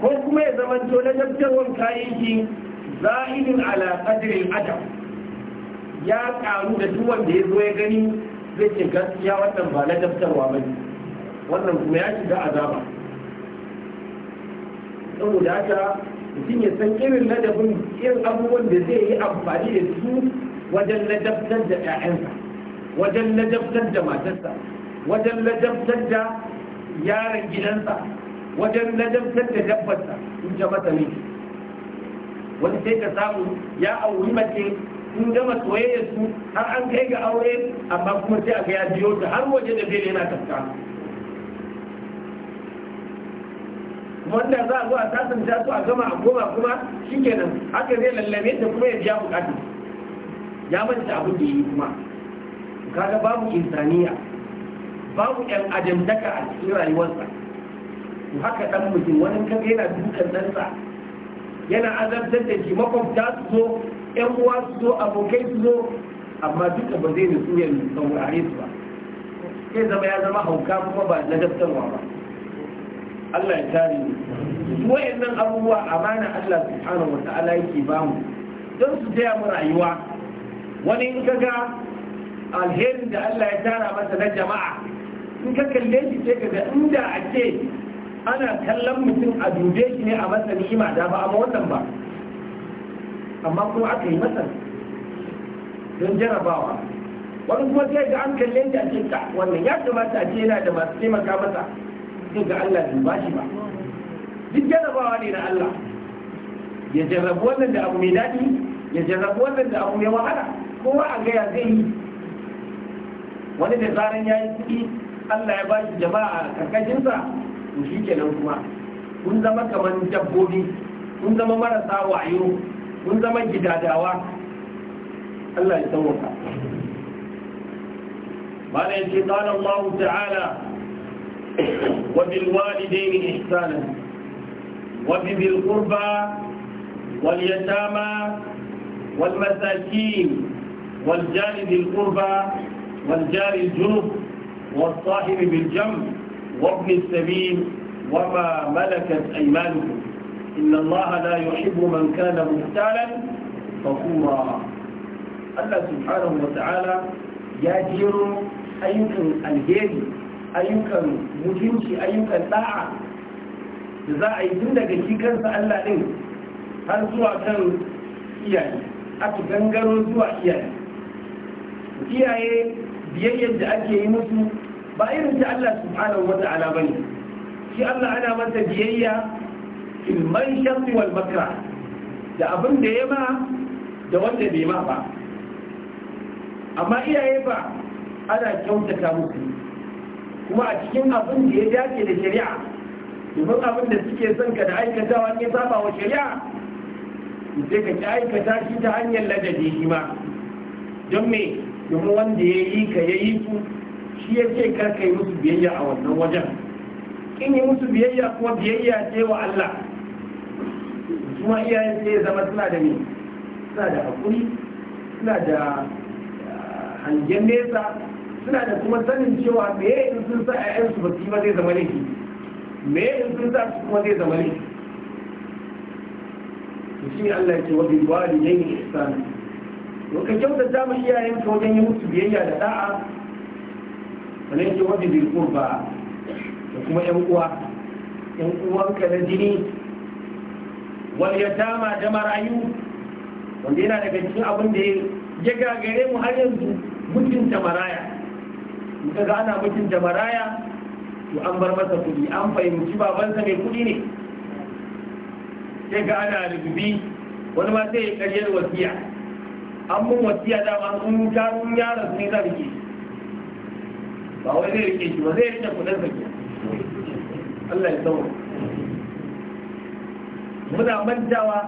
ko kuma ya zama to ladabtarwar kayayyaki za'idin ala qadrin adam ya karu da duk wanda ya zo ya gani zai ce gaskiya wannan ba ladabtarwa ba ne wannan kuma ya shiga azaba saboda haka mutum ya san irin ladabin irin abubuwan da zai yi amfani da su wajen ladabtar da 'ya'yansa wajen ladabtar da matarsa wajen lajabtar da yaran gidansa wajen lajabtar da dabbarsa in ji mata miji wani sai ka samu ya auri mace sun gama soyayya su har an kai ga aure amma kuma sai aka ya biyo ta har waje da bele yana tafka wanda za a zo a sasanta su a gama a goma kuma shikenan haka zai lallame ta kuma ya biya bukatu ya manta abu da yi kuma kaga babu insaniya babu adam daga a cikin rayuwarsa to haka dan mutum wani kan yana dukan ɗansa yana azabtar da shi makwabta su zo ƴan uwa su zo abokai su zo amma duka ba zai nutsu ya saurare su ba sai zama ya zama hauka kuma ba na daftarwa ba Allah ya tare ni su wayannan abubuwa amana Allah subhanahu wata'ala yake ba mu don su taya mu rayuwa wani in ka ga alherin da Allah ya tara masa na jama'a in ka kalle shi sai ka ga inda ake ana kallon mutum a dube shi ne a masa ni'ima da ba a wannan ba amma kuma aka yi masa don jarabawa wani kuma sai ga an kalle shi a ce ka wannan ya kamata a ce yana da masu taimaka masa sai ga Allah bai ba shi ba duk jarabawa ne na Allah ya jarrabu wannan da abu mai daɗi ya jarrabu wannan da abu mai wahala kowa a gaya zai yi wani da zaran ya yi kuɗi Allah ya bashi jama'a karkashinsa to shi kenan kuma kun zama kamar dabbobi kun zama marasa wayo kun zama gidadawa Allah ya sauka bala yake qala Allah ta'ala wa bil walidayni ihsana wa bil qurba wal yatama wal masakin wal jari bil qurba wal jari al junub والصاحب بالجنب وابن السبيل وما ملكت أيمانكم إن الله لا يحب من كان مختالا فخورا الله سبحانه وتعالى يجر أيكم الهيري أيكم مجنشي أيكم داعا za a yi tun daga shi kansa Allah ɗin har zuwa kan iyaye biyayyar da ake yi musu ba irin ta Allah subhanahu wa ta'ala bane shi Allah ana masa biyayya fil manshati wal makra da abin da ya ma da wanda bai ma ba amma iyaye ba ana kyautata musu kuma a cikin abin da ya dace da shari'a domin abin da suke son ka da aikatawa ne saba wa shari'a sai ka ki aikata shi ta hanyar ladabi shi ma don me domin wanda ya yi ka ya yi ku shi ya ce kar ka yi musu biyayya a wannan wajen in yi musu biyayya kuma biyayya ce wa Allah kuma iyayen sai zama suna da ne suna da hakuri suna da ah, hangen nesa suna da kuma sanin cewa me in sun sa a ƴaƴan su baki ba zai zama laifi me in sun sa su kuma zai zama laifi shi Allah ya ce wa bil walidayni ihsana to ka kyautata mu iyayen ka wajen yi musu biyayya da da'a wani yake wabi bil kurba da kuma yan uwa yan ka na jini wal yatama da marayu wanda yana daga cikin abin da ya gagare mu har yanzu mutunta maraya muka ga ana mutunta maraya to an bar masa kudi an fahimci babansa mai kudi ne sai ga ana rububi wani ma sai ya karyar wasiya an mun wasiya dama sun jarun yaron sun zan rike ba wai zai rike shi ba zai rike kudin zaki Allah ya sauwa muna mantawa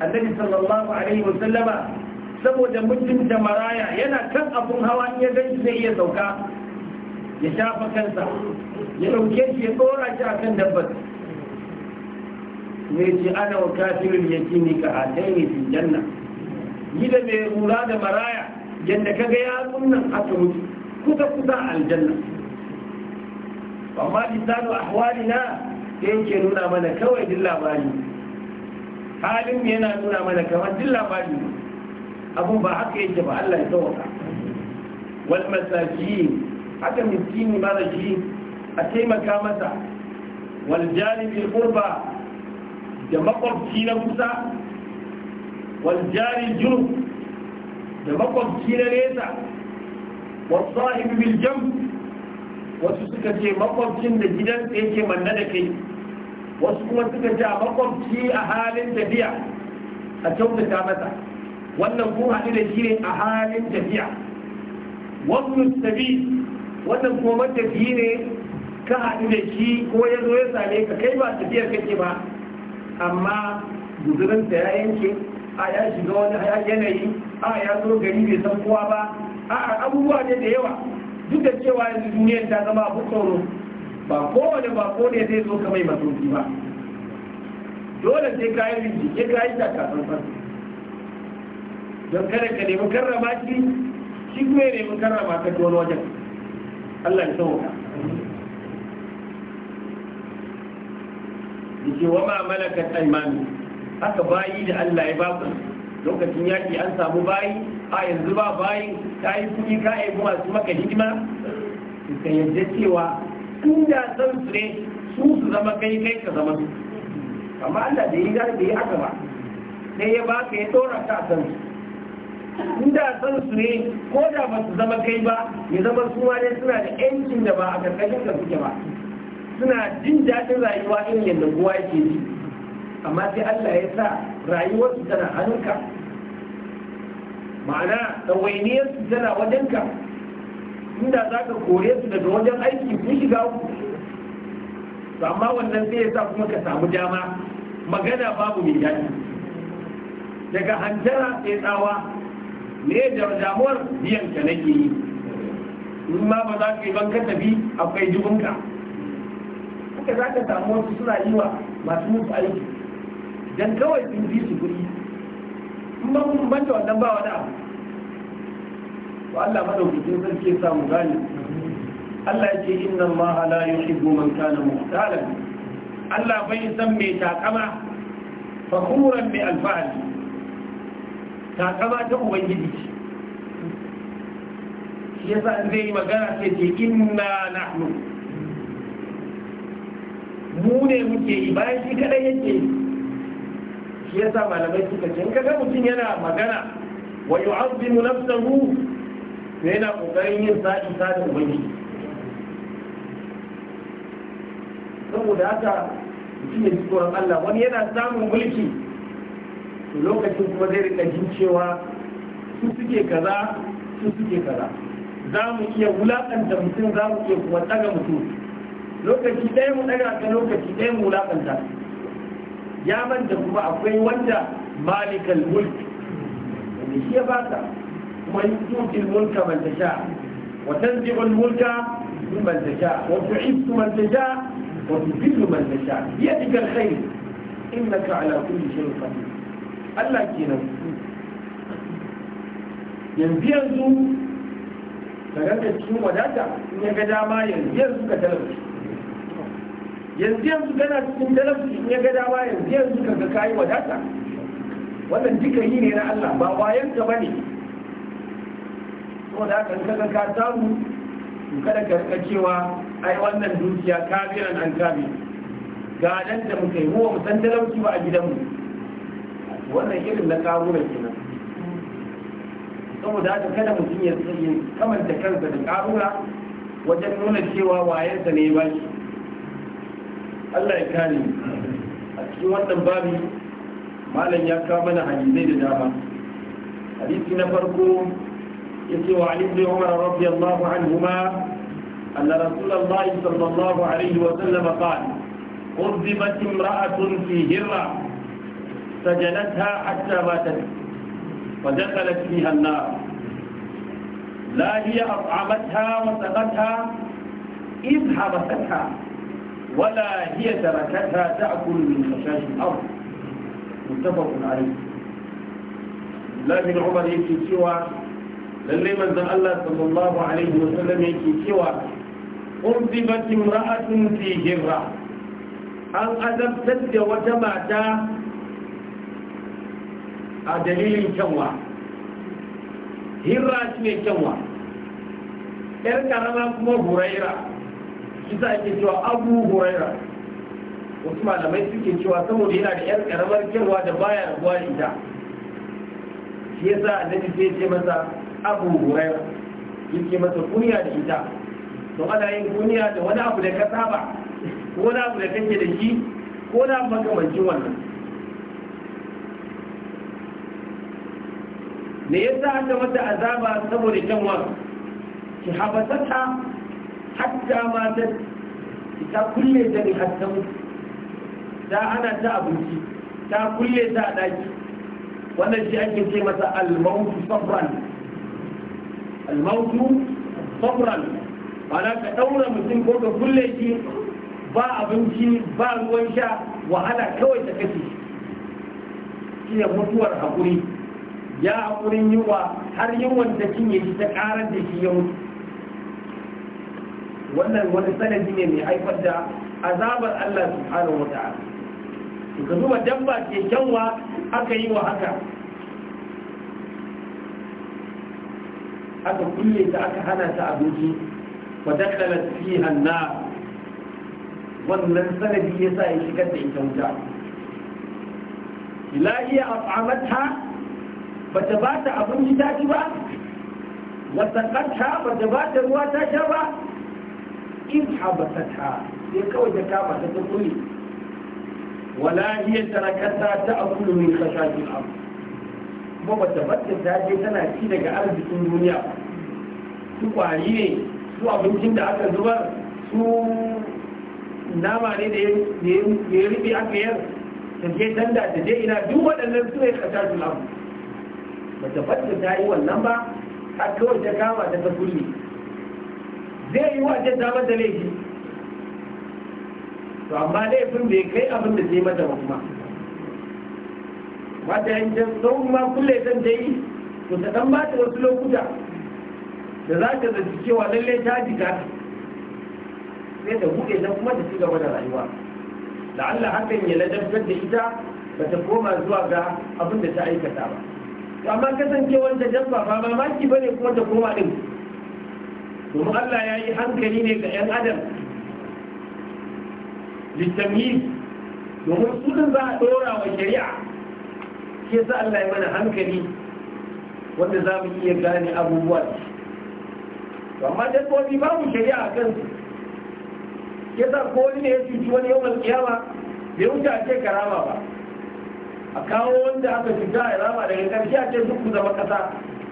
annabi sallallahu alaihi wa sallama saboda mutunta maraya yana kan abun hawa in ya ganci zai iya sauka ya shafa kansa ya dauke shi ya tsora shi akan dabbar ne ce ana wa ci ni ka ataini fil janna yi da mai rura da maraya yadda ka ga yatsun nan aka mutu kusa kusa aljanna amma a lisanu na. da yake nuna mana kawai din labari halin yana nuna mana kawai din labari abun ba haka yake ba Allah ya sauka wal masakin haka miskini mara shi a taimaka masa wal janibi qurba da makwabci na kusa والجاري الجنوب لمقب كينا ليسا والصاحب بالجنب وسكتي مقب كينا جدا ايكي من ندكي وسكتي مقب كي أهال تبيع أتوب تامتا wannan kuma haɗu da shi ne a halin tafiya wannan tabi wannan kuma matafiyi ne ka haɗu da shi ko ya zo ya same ka kai ba tafiyar kake ba amma guzurinsa ya yanke a ya shiga wani yanayi a ya zo gari mai san kowa ba a abubuwa ne da yawa duk da cewa yanzu duniyar ta zama abu tsoro ba kowane ba ko ne zai zo ka mai masoki ba dole sai ka yi bincike ka yi takasansan don kada ka nemi karrama shi shi kuma ya nemi karrama ka ta wani wajen Allah ya sauka yake wa ma malakat aymanu haka bayi da Allah ya baku lokacin yaƙi an samu bayi a yanzu ba bayi ta yi kuɗi ka yi kuma su maka hidima ka yadda cewa tun da san su ne su su zama kai kai ka zama su amma Allah da yi gari ya yi aka ba sai ya baka ya ɗora ka a san su tun da san su ne ko da ba su zama kai ba ya zama su ma ne suna da yancin da ba a karkashin ka suke ba suna jin daɗin rayuwa irin yadda kowa yake ji amma sai Allah ya sa rayuwarsu tana hannunka ma'ana su tana wajenka inda za ka kore su daga wajen aiki sun shiga uku amma wannan sai ya sa kuma ka samu dama magana babu mai daɗi daga hantara sai tsawa ne da damuwar biyan ka nake yi in ma ba za ka yi banka ka tafi akwai jibinka haka za ka samu wasu suna yi wa masu mutu aiki dan kawai in ji su kuɗi in ba mun banta wannan ba wani abu to Allah madaukakin sarki ya samu gani Allah yake inna Allah la yuhibbu man kana muhtalan Allah bai san me takama fakuran mai alfahari takama ta ubangiji ya shi yasa zai yi magana sai ce inna nahnu mu ne muke yi bayan shi kadai yake yi shi yasa malamai suka ce in kaga mutum yana magana wa yu'azzimu nafsahu sai yana kokarin yin sa'i sa da ubangiji saboda haka mutum ya ji tsoron Allah wani yana samun mulki lokacin kuma zai rika jin cewa su suke kaza su suke kaza za mu iya wulakanta mutum za mu iya kuma tsaga mutum lokaci ɗaya mu ɗaga ta lokaci ɗaya mu wulakanta ya manta kuma akwai wanda malikal mulk wanda shi ya bata kuma yi tutil mulka man tasha wa tanzi'ul mulka man tasha wa tu'izzu man tasha wa tudillu man tasha biyadika khair innaka ala kulli shay'in qadir Allah kenan yanzu yanzu ka ga cikin wadata in ya ga dama yanzu yanzu ka talauci yanzu yanzu kana cikin talabci in ya ga ba yanzu yanzu kaga kayi wadata wannan duka yi ne na Allah ba wayan ka bane to da kan kaga ka samu kada ka rika cewa ai wannan dukiya kabiran an kabi ga dan da mu yi mu san talauci ba a gidanmu wannan irin na karuna kenan saboda haka kada mutum ya tsaye da kansa da karuwa wajen nuna cewa wayansa ne ya bashi Allah ya kani a cikin wannan babi malam ya kawo mana hadisai da dama hadisi na farko ya yace wa Ali ibn Umar radiyallahu anhuma anna Rasulullah sallallahu alaihi wa sallam qala qurbibat imra'atun fi hirra سجنتها حتى ماتت ودخلت فيها النار لا هي أطعمتها وسقتها إذ حبستها ولا هي تركتها تأكل من مشاش الأرض متفق عليه الله بن عمر يكي سوى للي من ذا الله صلى الله عليه وسلم يكي سوى أرضبت امرأة في هرة أن أدبتت وتمات أدليل كوا هرة اسمه كوا إركا رمى كما هريره za a ke cewa abu huraira wasu malamai suke cewa saboda yana da yan karamar kyanwa da baya rabuwa ita shi sa annabi sai ce masa abu huraira ke masa kunya da ita to ana yin kunya da wani abu da ka saba ko wani abu da kake da shi ko na makamancin wannan me yasa aka mata azaba saboda kyanwa ki habasata hatta matar ta kulle ta ne hatta mutu ta ana ta abinci ta kulle ta a ɗaki wannan shi ake ce masa almautu sabran almautu sabran ma'ana ka ɗaura mutum ko ka kulle shi ba abinci ba ruwan sha wahala kawai ta kashe shi ne mutuwar hakuri, ya hakurin yiwa har yiwon ta cinye shi ta ƙarar da shi ya mutu wannan wani sanadi ne mai haifar da azabar Allah subhanahu wa ta'ala ka zuba dabba ke kyanwa aka yi wa haka aka kulle ta aka hana ta abinci wa dakhalat fiha an wannan sanadi yasa ya shigar da ita wuta la iya af'amatha bata ba ta abinci ta ci ba wata kanta bata ba ta ruwa ta sha ba in habasata sai kawai ta kama ta ta kuli wala iya tarakata ta akulu min khashatil ardh kuma bata ta je tana ci daga arzikin duniya su kwari ne su abincin da aka zuba su nama ne da ya rufe aka yar ta tanda ta je ina duk waɗannan su bata ta yi wannan ba har kawai ta kama ta kulle zai yi wa jadda da laifi to amma laifin bai kai abin da zai mata kuma ta yin can tsawon ma kulle kan ta yi to ta dan ba ta wasu lokuta da za ta zaci cewa lalle ta jika sai ta buɗe ta kuma ta ci gaba da rayuwa da Allah hakan ya ladabtar da ita ba ta koma zuwa ga abin da ta aikata ba amma kasancewar ta dabba ba mamaki bane kuma ta koma din Kuma Allah ya yi hankali ne ga 'yan adam littami domin sunan za a ɗora wa shari'a ke sa Allah ya mana hankali wanda za mu iya gane abubuwa amma dabbobi babu shari'a a kansu ke sa ko wani ne ya cuci wani yawan kiyama bai wuce a ce karama ba a kawo wanda aka cuta a rama daga ƙarshe a ce duk zama ƙasa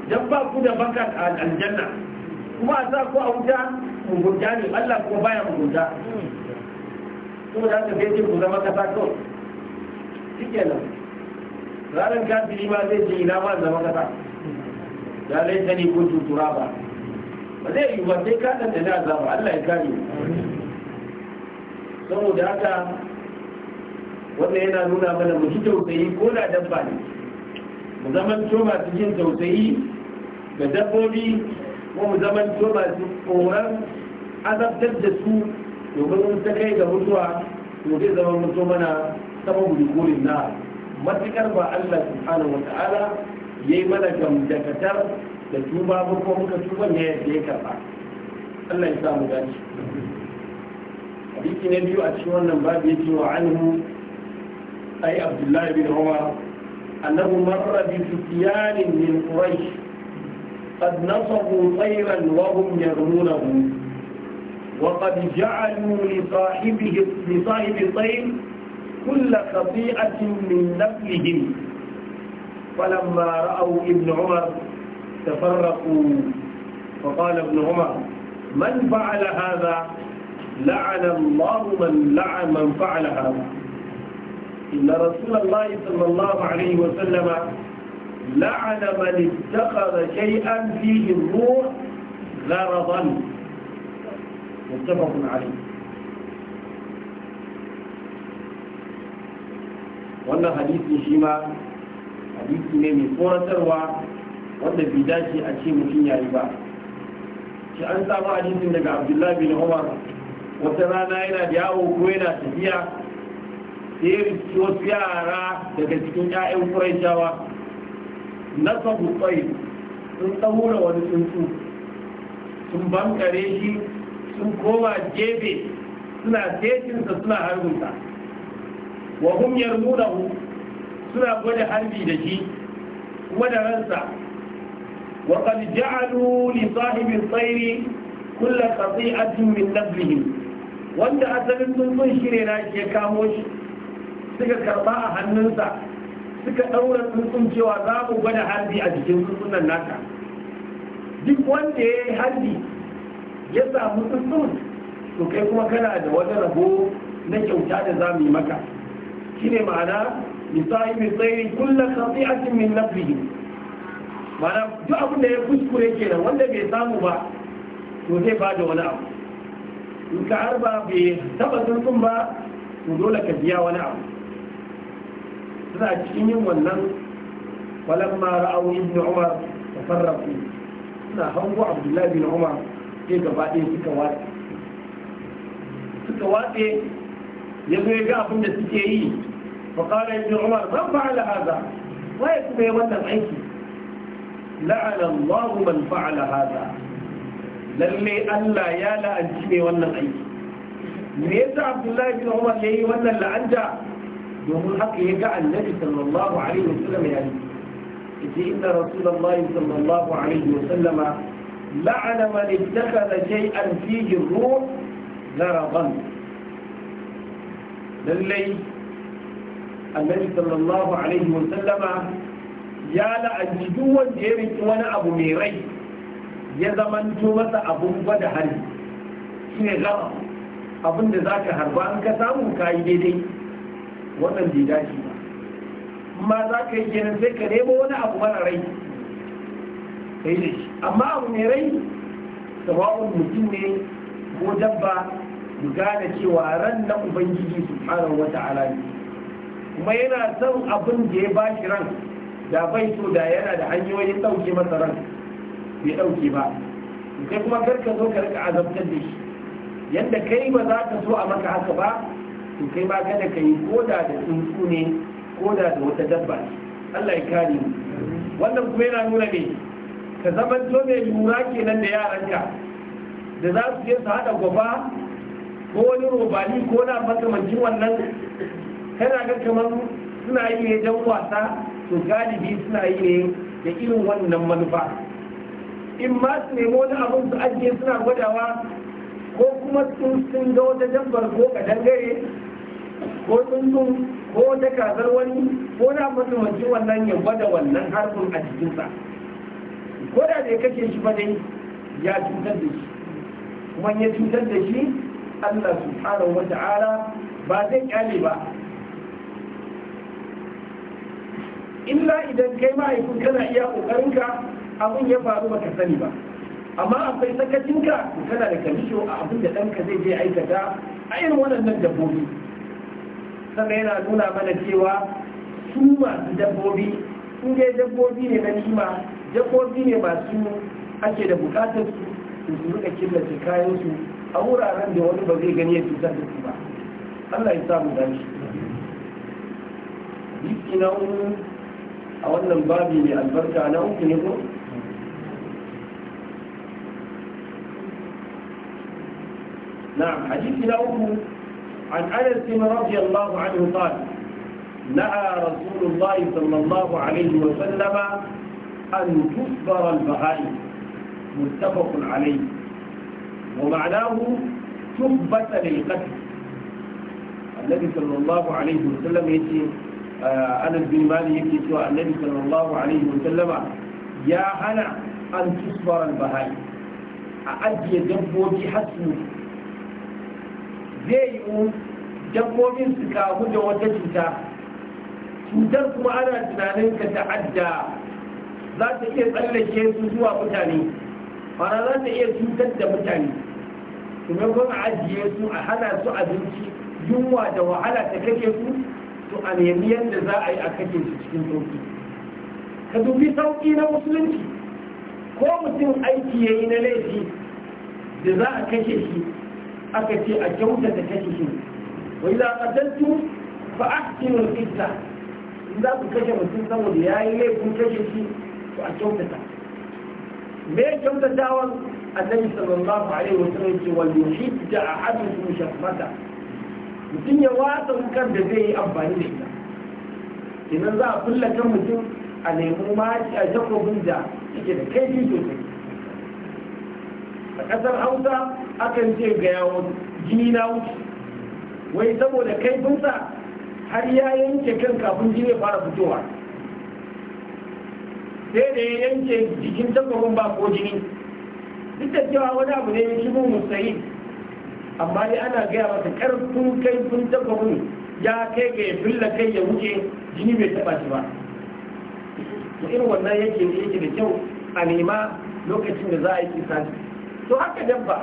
don ba ku da a aljanna kuma a sa ko a wuta mugunta ne Allah kuma baya mugunta kuma da aka sai ce ku zama kasa kawai shike nan ranar kafiri ma zai ce ina ma zama kasa da lai sani ko tutura ba ba zai yi ba sai ka da na zama Allah ya kare saboda haka wannan yana nuna mana mu ji tausayi ko da dabba ne mu zaman to masu jin tausayi ga dabbobi ko mu zaman to masu tsoron azabtar da su domin mun ta kai ga mutuwa to zai zama mutu mana sababu likurin na matukar ba Allah subhanahu wa ta'ala yayi mana gamdakatar da tuba ba ko muka tuba ne ya karba Allah ya sa samu dace hadisi na biyu a cikin wannan babu yake wa anhu ay Abdullahi bin Umar annahu marra bi sufyan min Quraysh قد نصبوا طيرا وهم يرمونه وقد جعلوا لصاحبه لصاحب الطير كل خطيئة من نفلهم فلما رأوا ابن عمر تفرقوا فقال ابن عمر من فعل هذا لعن الله من لعن من فعل هذا إن رسول الله صلى الله عليه وسلم لعن من اتخذ شيئا فيه الروح غرضا متفق عليه wannan hadisi shi ma hadisi ne mai tsoratarwa wanda bai dace a ce mutum ya yi ba shi an samu hadisin daga abdullahi bin umar wata rana yana da yawo ko yana tafiya sai ya wasu yara daga cikin 'ya'yan kuraishawa Na nasabu tsayi sun tsahura wani tsuntsu sun bankare shi sun koma gefe suna tetinsa suna harbinsa wa hum yarmunahu suna gwada harbi da shi kuma da ransa wa qad ja'alu li sahibi at-tayr kull qati'atin min nablihim wanda asalin tsuntsun shi ne na ya kamo shi suka karba a hannunsa suka ɗaura tsuntsun cewa za mu gwada harbi a jikin tsuntsunan naka duk wanda ya yi harbi ya samu tsuntsun to kai kuma kana da wani rabo na kyauta da za mu yi maka shine ma'ana misali mai tsayi kullum khati'atin min nafsihi ma'ana duk abin da ya kuskure kenan wanda bai samu ba to zai ba da wani abu in ka harba bai taba tsuntsun ba to dole ka biya wani abu suna cikin yin wannan walamma ra'au ibn umar da farrafu suna hango abdullahi bin umar sai gaba ɗaya suka watsa suka watse ya zo ya ga abin da suke yi fa qala ibn umar man fa'ala hadha ya kuma ya wannan aiki la'ana Allah man fa'ala hadha lalle Allah ya la'anci ne wannan aiki me yasa Abdullahi bin Umar yayi wannan la'anta domin haka ya ga annabi sallallahu alaihi wasallam ya yi yace inna rasulullahi sallallahu alaihi wasallama la'ana man ittakhadha shay'an fihi ruh zaraban lallai annabi sallallahu alaihi wasallama ya la'anci duk wanda ya riki wani abu mai rai ya zamanto masa abun gwada hari shine gaba abin da za ka harba an ka samu ka yi daidai wannan bai dace ba ma za ka yi kenan sai ka nemo wani abu mara rai ka yi da shi amma abu mai rai sawa'un mutum ne ko dabba mu gane cewa ran na ubangiji su fara wata alaƙi. kuma yana son abin da ya bashi ran da bai so da yana da hanyoyin ɗauke masa ran bai ɗauke ba kai kuma karka zo ka rika azabtar da shi yadda kai ba za ka so a maka haka ba to kai ba kada ka yi koda da tsuntsu ne koda da wata dabba Allah ya kare mu wannan kuma yana nuna ne ka zama to mai lura kenan da ka da za su je su hada gaba ko wani robani ko na makamancin wannan kana ga kamar suna yi ne don wasa to galibi suna yi ne da irin wannan manufa in ma su nemo wani abin su ajiye suna gwadawa ko kuma sun sun ga wata dabbar ko ka dangare ko tuntun, ko ta kazar wani ko na mutumanci wannan ya da wannan harkun a cikinsa ko da bai kashe shi ba dai ya cutar da shi kuma ya cutar da shi Allah subhanahu wa ta'ala ba zai kyale ba illa idan kai mahaifin kana iya ƙoƙarinka abin ya faru baka sani ba amma akwai sakacinka kana da kamisho a abin da ɗanka zai je aikata a irin waɗannan dabbobi sama yana nuna mana cewa su masu dabbobi sun dai dabbobi ne na kima dabbobi ne masu ake da bukatar su su rika killace kayan su a wuraren da wani ba zai gani ya cutar da su ba Allah ya samu dashi biki na uku a wannan babi ne albarka na uku ne ko na'am hadisi na uku عن أنس رضي الله عنه قال نهى رسول الله صلى الله عليه وسلم أن تصبر البهائم متفق عليه ومعناه تخبة للقتل النبي صلى الله عليه وسلم يتي آه، أنس بن يجي يتي النبي صلى الله عليه وسلم يا أنا أن تصبر البهائم أأدي دبوتي حسنك zai yiwu dabbobin su kamu da wata cuta cutar kuma ana tunanin ka ta'adda za ta iya tsallake su zuwa mutane fara za ta iya cutar da mutane kuma kun ajiye su a hana su abinci yunwa da wahala ta kake su to a nemi yadda za a yi a kake su cikin sauki ka dubi sauki na musulunci ko mutum aiki ya yi na laifi da za a kashe shi aka ce a kyautata kashe wa idza qataltum fa ahsinu al-qitla in za ku kashe mutum saboda yayi laifin kashe shi to a kyautata me kyautatawan annabi sallallahu alaihi wasallam ce wal yuhidda ahadukum shafmata mutum ya watsa kan da zai yi amfani da ita idan za a fulla kan mutum a nemi maci a jakobin da yake da kaifi sosai a ƙasar hausa akan ce ga yawon jini na wuce wai saboda kaifinsa har ya yanke kan kafin jini ya fara fitowa sai da ya yanke jikin takwabin ba ko jini duk da cewa wani abu ne ya shigo musayi amma dai ana gaya masa ƙarfin kaifin takwabin ya kai ga ya filla kai ya wuce jini bai taɓa shi ba to irin wannan yake yake da kyau a nema lokacin da za a yi kisa to haka dabba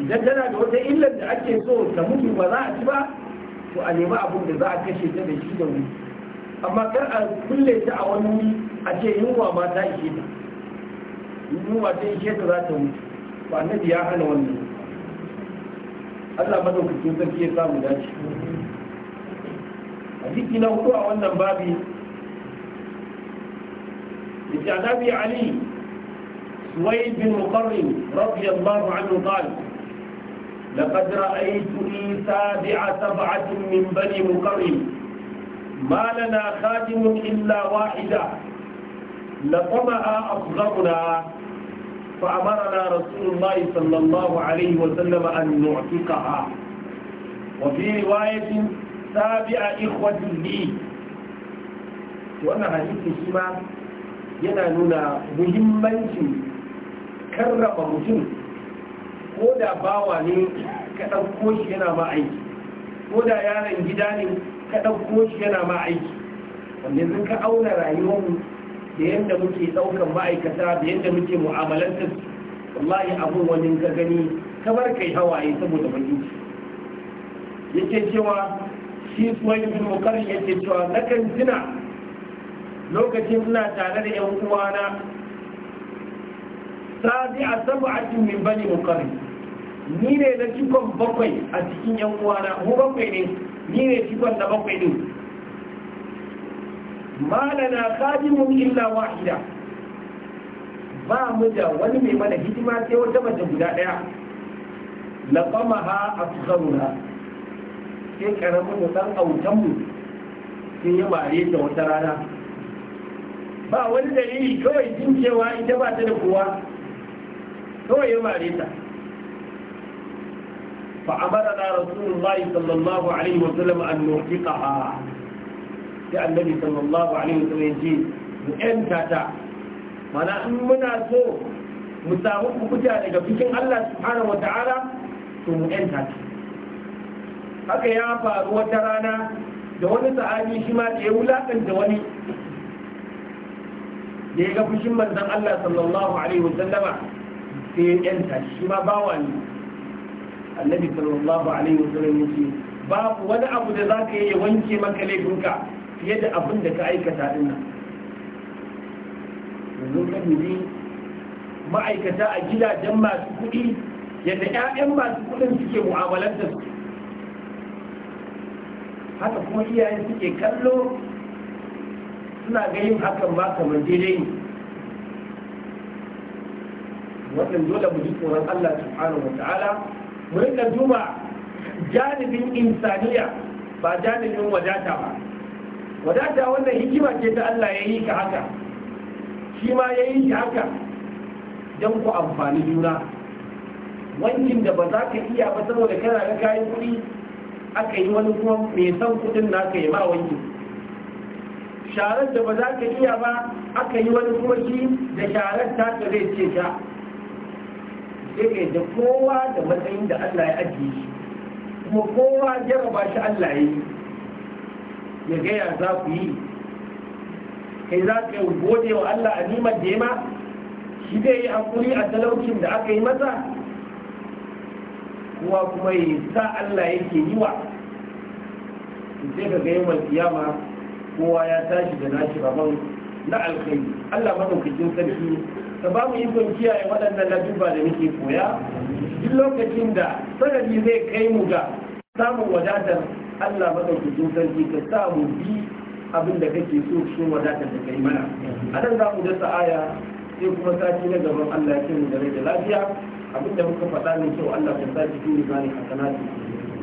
idan tana da wata illar da ake so ta mutu ba za a ci ba to a nemi abin da za a kashe ta da shi da wuri amma kar a kulle ta a wani wuri a ce yunwa ma ta ishe ta yunwa ta ishe ta za ta mutu ba annabi ya hana wannan Allah madaukakin sarki ya samu dace a jiki na hudu a wannan babi da annabi ali سويد بن مقرن رضي الله عنه قال لقد رأيتني سابع سبعة من بني مقرن ما لنا خادم إلا واحدة لطمع أصغرنا فأمرنا رسول الله صلى الله عليه وسلم أن نعتقها وفي رواية سابع إخوة لي وأنا هذه الشمال ينالنا مهمة karraba mutum ko da bawa ne ka ɗauko shi yana ma aiki ko da yaron gida ne ka ɗauko shi yana ma aiki wanda sun ka auna rayuwarmu da yadda muke ɗaukan ma'aikata da yadda muke mu'amalarta wallahi abun wani ka gani kamar kai hawaye saboda bakin yake cewa shi suwai bin mukar yake cewa nakan tuna lokacin ina tare da yan uwana a a min bani muqarrib ni ne na cikon bakwai a cikin yan uwana mu bakwai ne ni ne cikon na bakwai ne malana kadimu illa wahida ba mu da wani mai mana hidima sai wata mace guda daya laqamaha asgharuna sai karamin mu dan autan mu sai ya bare ta wata rana ba wani dalili kawai jin cewa ita ba ta da kowa kawai ya mare ta fa amarna rasulullahi sallallahu alaihi wa sallam an nuqiqaha sai annabi sallallahu alaihi wa sallam ya ce mu yanta ta mana in muna so mu samu kukuta daga cikin Allah subhanahu wa ta'ala to mu yanta ta haka ya faru wata rana da wani sahabi shi ma da ya wulakanta wani da ya ga fushin manzon Allah sallallahu alaihi wasallama sai ya yanta shi ma bawa ne annabi sallallahu alaihi wasallam yace babu wani abu da zaka yi ya wanke maka laifinka fiye da abin da ka aikata din nan yanzu ka ma'aikata a gidajen masu kuɗi yadda 'ya'yan masu kuɗin suke mu'amalantar su haka kuma iyaye suke kallo suna ga yin hakan ba kamar daidai ne wannan dole mu ji tsoron Allah subhanahu wata'ala mu rinka duba janibin insaniya ba janibin wadata ba wadata wannan hikima ce ta Allah ya yi ka haka shi ma ya yi shi haka don ku amfani juna wankin da ba za ka iya ba saboda kana ga kayan kuɗi aka yi wani kuma mai san kuɗin na aka yi ma wankin. sharar da ba za ka iya ba aka yi wani kuma shi da sharar ta ka zai ce ta yake da kowa da matsayin da Allah ya ajiye shi kuma kowa raba shi Allah ya yi ya gaya za ku yi kai za ka yi gode wa Allah a nimar da ya ma shi zai yi hakuri a talaucin da aka yi masa kuwa kuma yi sa Allah yake yi wa sai ka ga yawan kiyama kowa ya tashi da nashi rabon na alkhairi Allah madaukakin sarki ka ba mu ikon kiyaye waɗannan lajuba da muke koya duk lokacin da sanadi zai kai mu ga samun wadatar Allah madaukakin sarki ka sa mu bi abin da kake so cikin wadatar da kai mana a nan za mu dasa aya sai kuma sati na gaban Allah ya mu da da lafiya abin da muka faɗa ne kyau Allah ka sa cikin a hasanati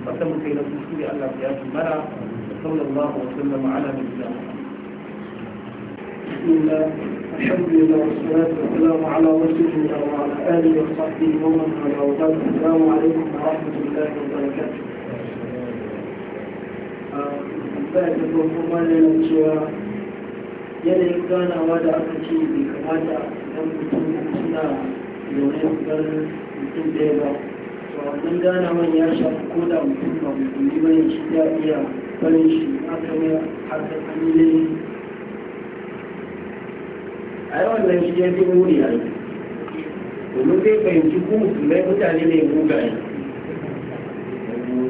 wata muka yi na kuskure Allah ya shi mana sallallahu alaihi wa sallam ala nabiyina بسم الله الحمد لله والصلاة والسلام على رسول الله وعلى آله وصحبه ومن والاه وبعد السلام عليكم ورحمة الله وبركاته. Bayan da kuma malamin cewa yanayin ganawa da aka ce bai kamata don mutum suna zaune kusan mutum ɗaya ba to wannan ganawan ya shafi ko da mutum ba mutum ba ne shi ya iya farin shi aka mai harkar hanyoyin a yawan nan shi ya fi muni a yi domin zai fahimci ku mai mutane ne mugaye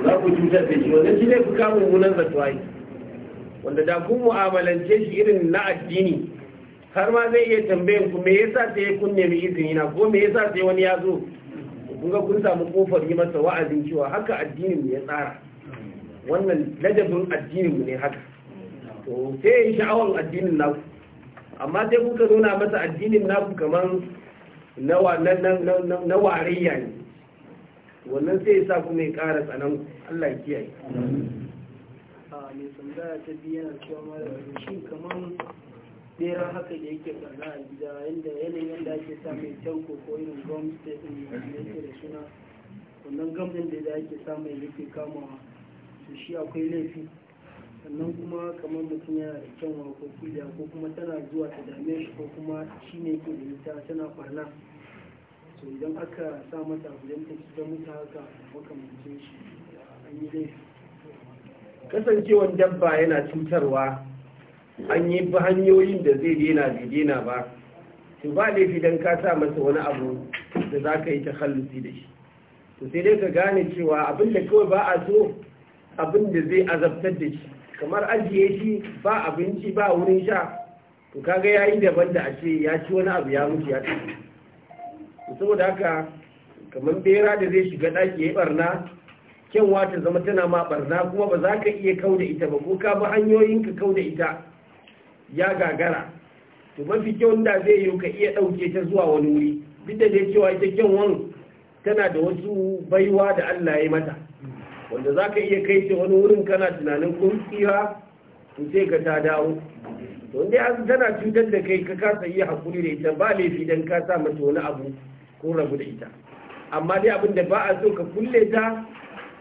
za ku cutar da shi wannan shi ne ku kama munan zatuwa yi wanda da ku mu'amalance shi irin na addini har ma zai iya tambayin ku me yasa sai kunne nemi izini na ko me yasa sai wani ya zo kun ga kun samu kofar yi masa wa'azin cewa haka addinin mu ya tsara wannan ladabin addinin mu ne haka to sai sha'awar addinin naku amma sai kuka nuna na masa addinin ku kaman na wariya ne wannan sai ya sa ku mai ƙara tsanan allah kiyaye mai tambaya ta biyu yana cewa malamin shi kamar bera haka da yake barna a gida yadda yanayin yadda ake sa mai tarko ko irin gom da yake da suna wannan gam da ake sa mai yake kama su shi akwai laifi sannan kuma kamar mutum yana da kyan wakoki da ko kuma tana zuwa ta dame shi ko kuma shi ne ke da tana kwana to idan aka sa mata idan ta ci mutu haka mutum shi an yi laifi kasancewan dabba yana cutarwa an yi ba hanyoyin da zai dena bai dena ba to ba laifi don ka sa masa wani abu da za ka yi ta hallusi da shi to sai dai ka gane cewa abinda kawai ba a so abinda zai azabtar da shi kamar ajiye shi ba abinci ba wurin sha to kaga yayi daban da a ce ya ci wani abu ya mutu ya tafi saboda haka kamar bera da zai shiga daki ya barna kyanwa ta zama tana ma barna kuma ba za ka iya kauda ita ba ko ka ba hanyoyin ka kauda ita ya gagara to mafi kyau da zai yi ka iya ɗauke ta zuwa wani wuri duk da dai cewa ita kyanwan tana da wasu baiwa da Allah ya mata wanda za ka iya kai shi wani wurin kana tunanin kun tsira to sai ka ta dawo to inda ya tana cutar da kai ka kasa yi haƙuri da ita ba laifi don ka sa mata wani abu ko rabu da ita amma dai abin da ba a so ka kulle ta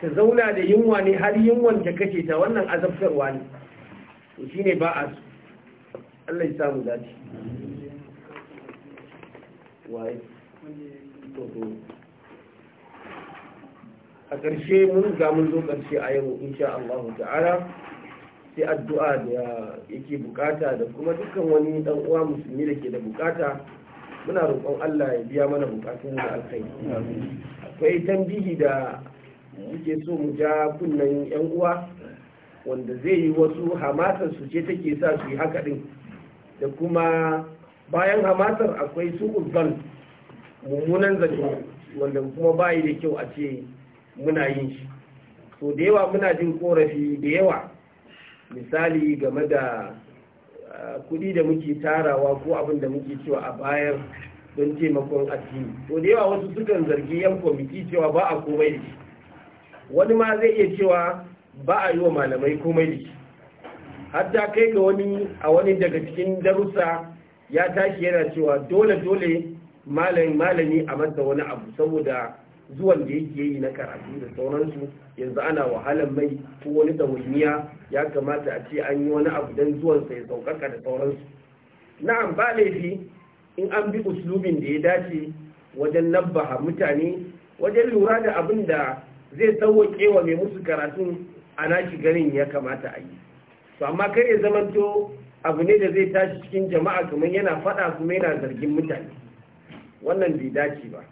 ta zauna da yunwa ne har yunwan ta kashe ta wannan azabtarwa ne to shine ba a so Allah samu dace a ƙarshe mun ga mun zo ƙarshe a yau insha Allah ta'ala sai addu'a da yake bukata da kuma dukkan wani dan uwa musulmi da ke da bukata muna roƙon Allah ya biya mana bukatun da alkhairi akwai tambihi da muke so mu ja kunnen yan uwa wanda zai yi wasu hamatar su ce take sa su yi haka din da kuma bayan hamatar akwai su mummunan zato wanda kuma bayi da kyau a ce muna yin shi so da yawa muna jin korafi da yawa misali game da ah, kudi da muke tarawa ko abin da muke cewa a bayar don taimakon addini to da yawa wasu sukan zargi yan kwamiti cewa ba a komai da shi wani ma zai iya cewa ba a yi wa malamai komai da shi hatta kai ga wani a wani daga cikin darussa ya tashi yana cewa dole dole malami a masa wani abu saboda zuwan da yake yi na karatu da sauransu yanzu ana wahalan mai ko wani dawaniya ya kamata a ce an yi wani abu don zuwansa ya saukaka da sauransu na'am ba laifi in an bi uslubin da ya dace wajen nabbaha mutane wajen lura da abin da zai sauwaƙe wa mai musu karatun a nashi garin ya kamata a yi to amma kar ya zamanto abu ne da zai tashi cikin jama'a kamar yana faɗa kuma yana zargin mutane wannan bai dace ba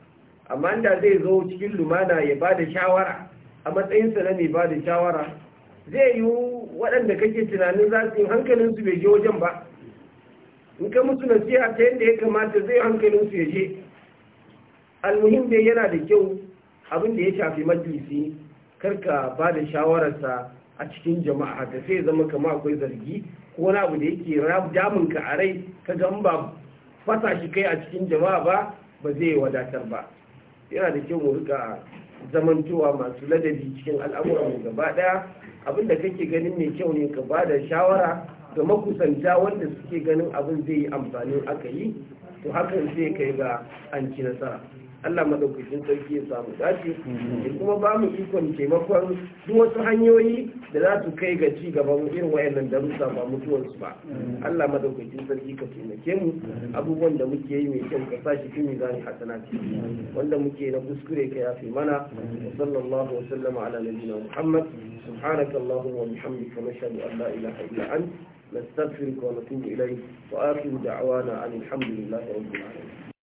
amma inda zai zo cikin lumana ya ba da shawara a matsayinsa na mai ba da shawara zai yi waɗanda kake tunanin za su yi su bai je wajen ba in ka musu nasiha ta yadda ya kamata zai hankalin su ya je almuhim dai yana da kyau abin da ya shafi majalisi karka ba da shawararsa a cikin jama'a da sai zama kamar akwai zargi ko wani abu da yake damun ka a rai ka ga ba fasa shi kai a cikin jama'a ba ba zai wadatar ba yana da kyau mu rika zamantowa masu ladabi cikin al'amuran gaba daya abin da kake ganin mai kyau ne ka ba da shawara ga makusanta wanda suke ganin abin zai yi amfani aka yi to hakan sai kai ga an ci nasara Allah maɗaukacin sarki ya samu dace ya kuma ba mu ikon taimakon duk wasu hanyoyi da za su kai ga ci gaban irin wayannan darussa ba mutuwarsu ba Allah maɗaukacin sarki ka taimake mu abubuwan da muke yi mai kyau ka za fi mizani hasanati wanda muke na kuskure ka yafe mana sallallahu wasallama ala nabiyina Muhammad subhanaka allahumma wa bihamdika nashhadu an la ilaha illa anta نستغفرك ونتوب إليك وآخر دعوانا أن الحمد لله رب العالمين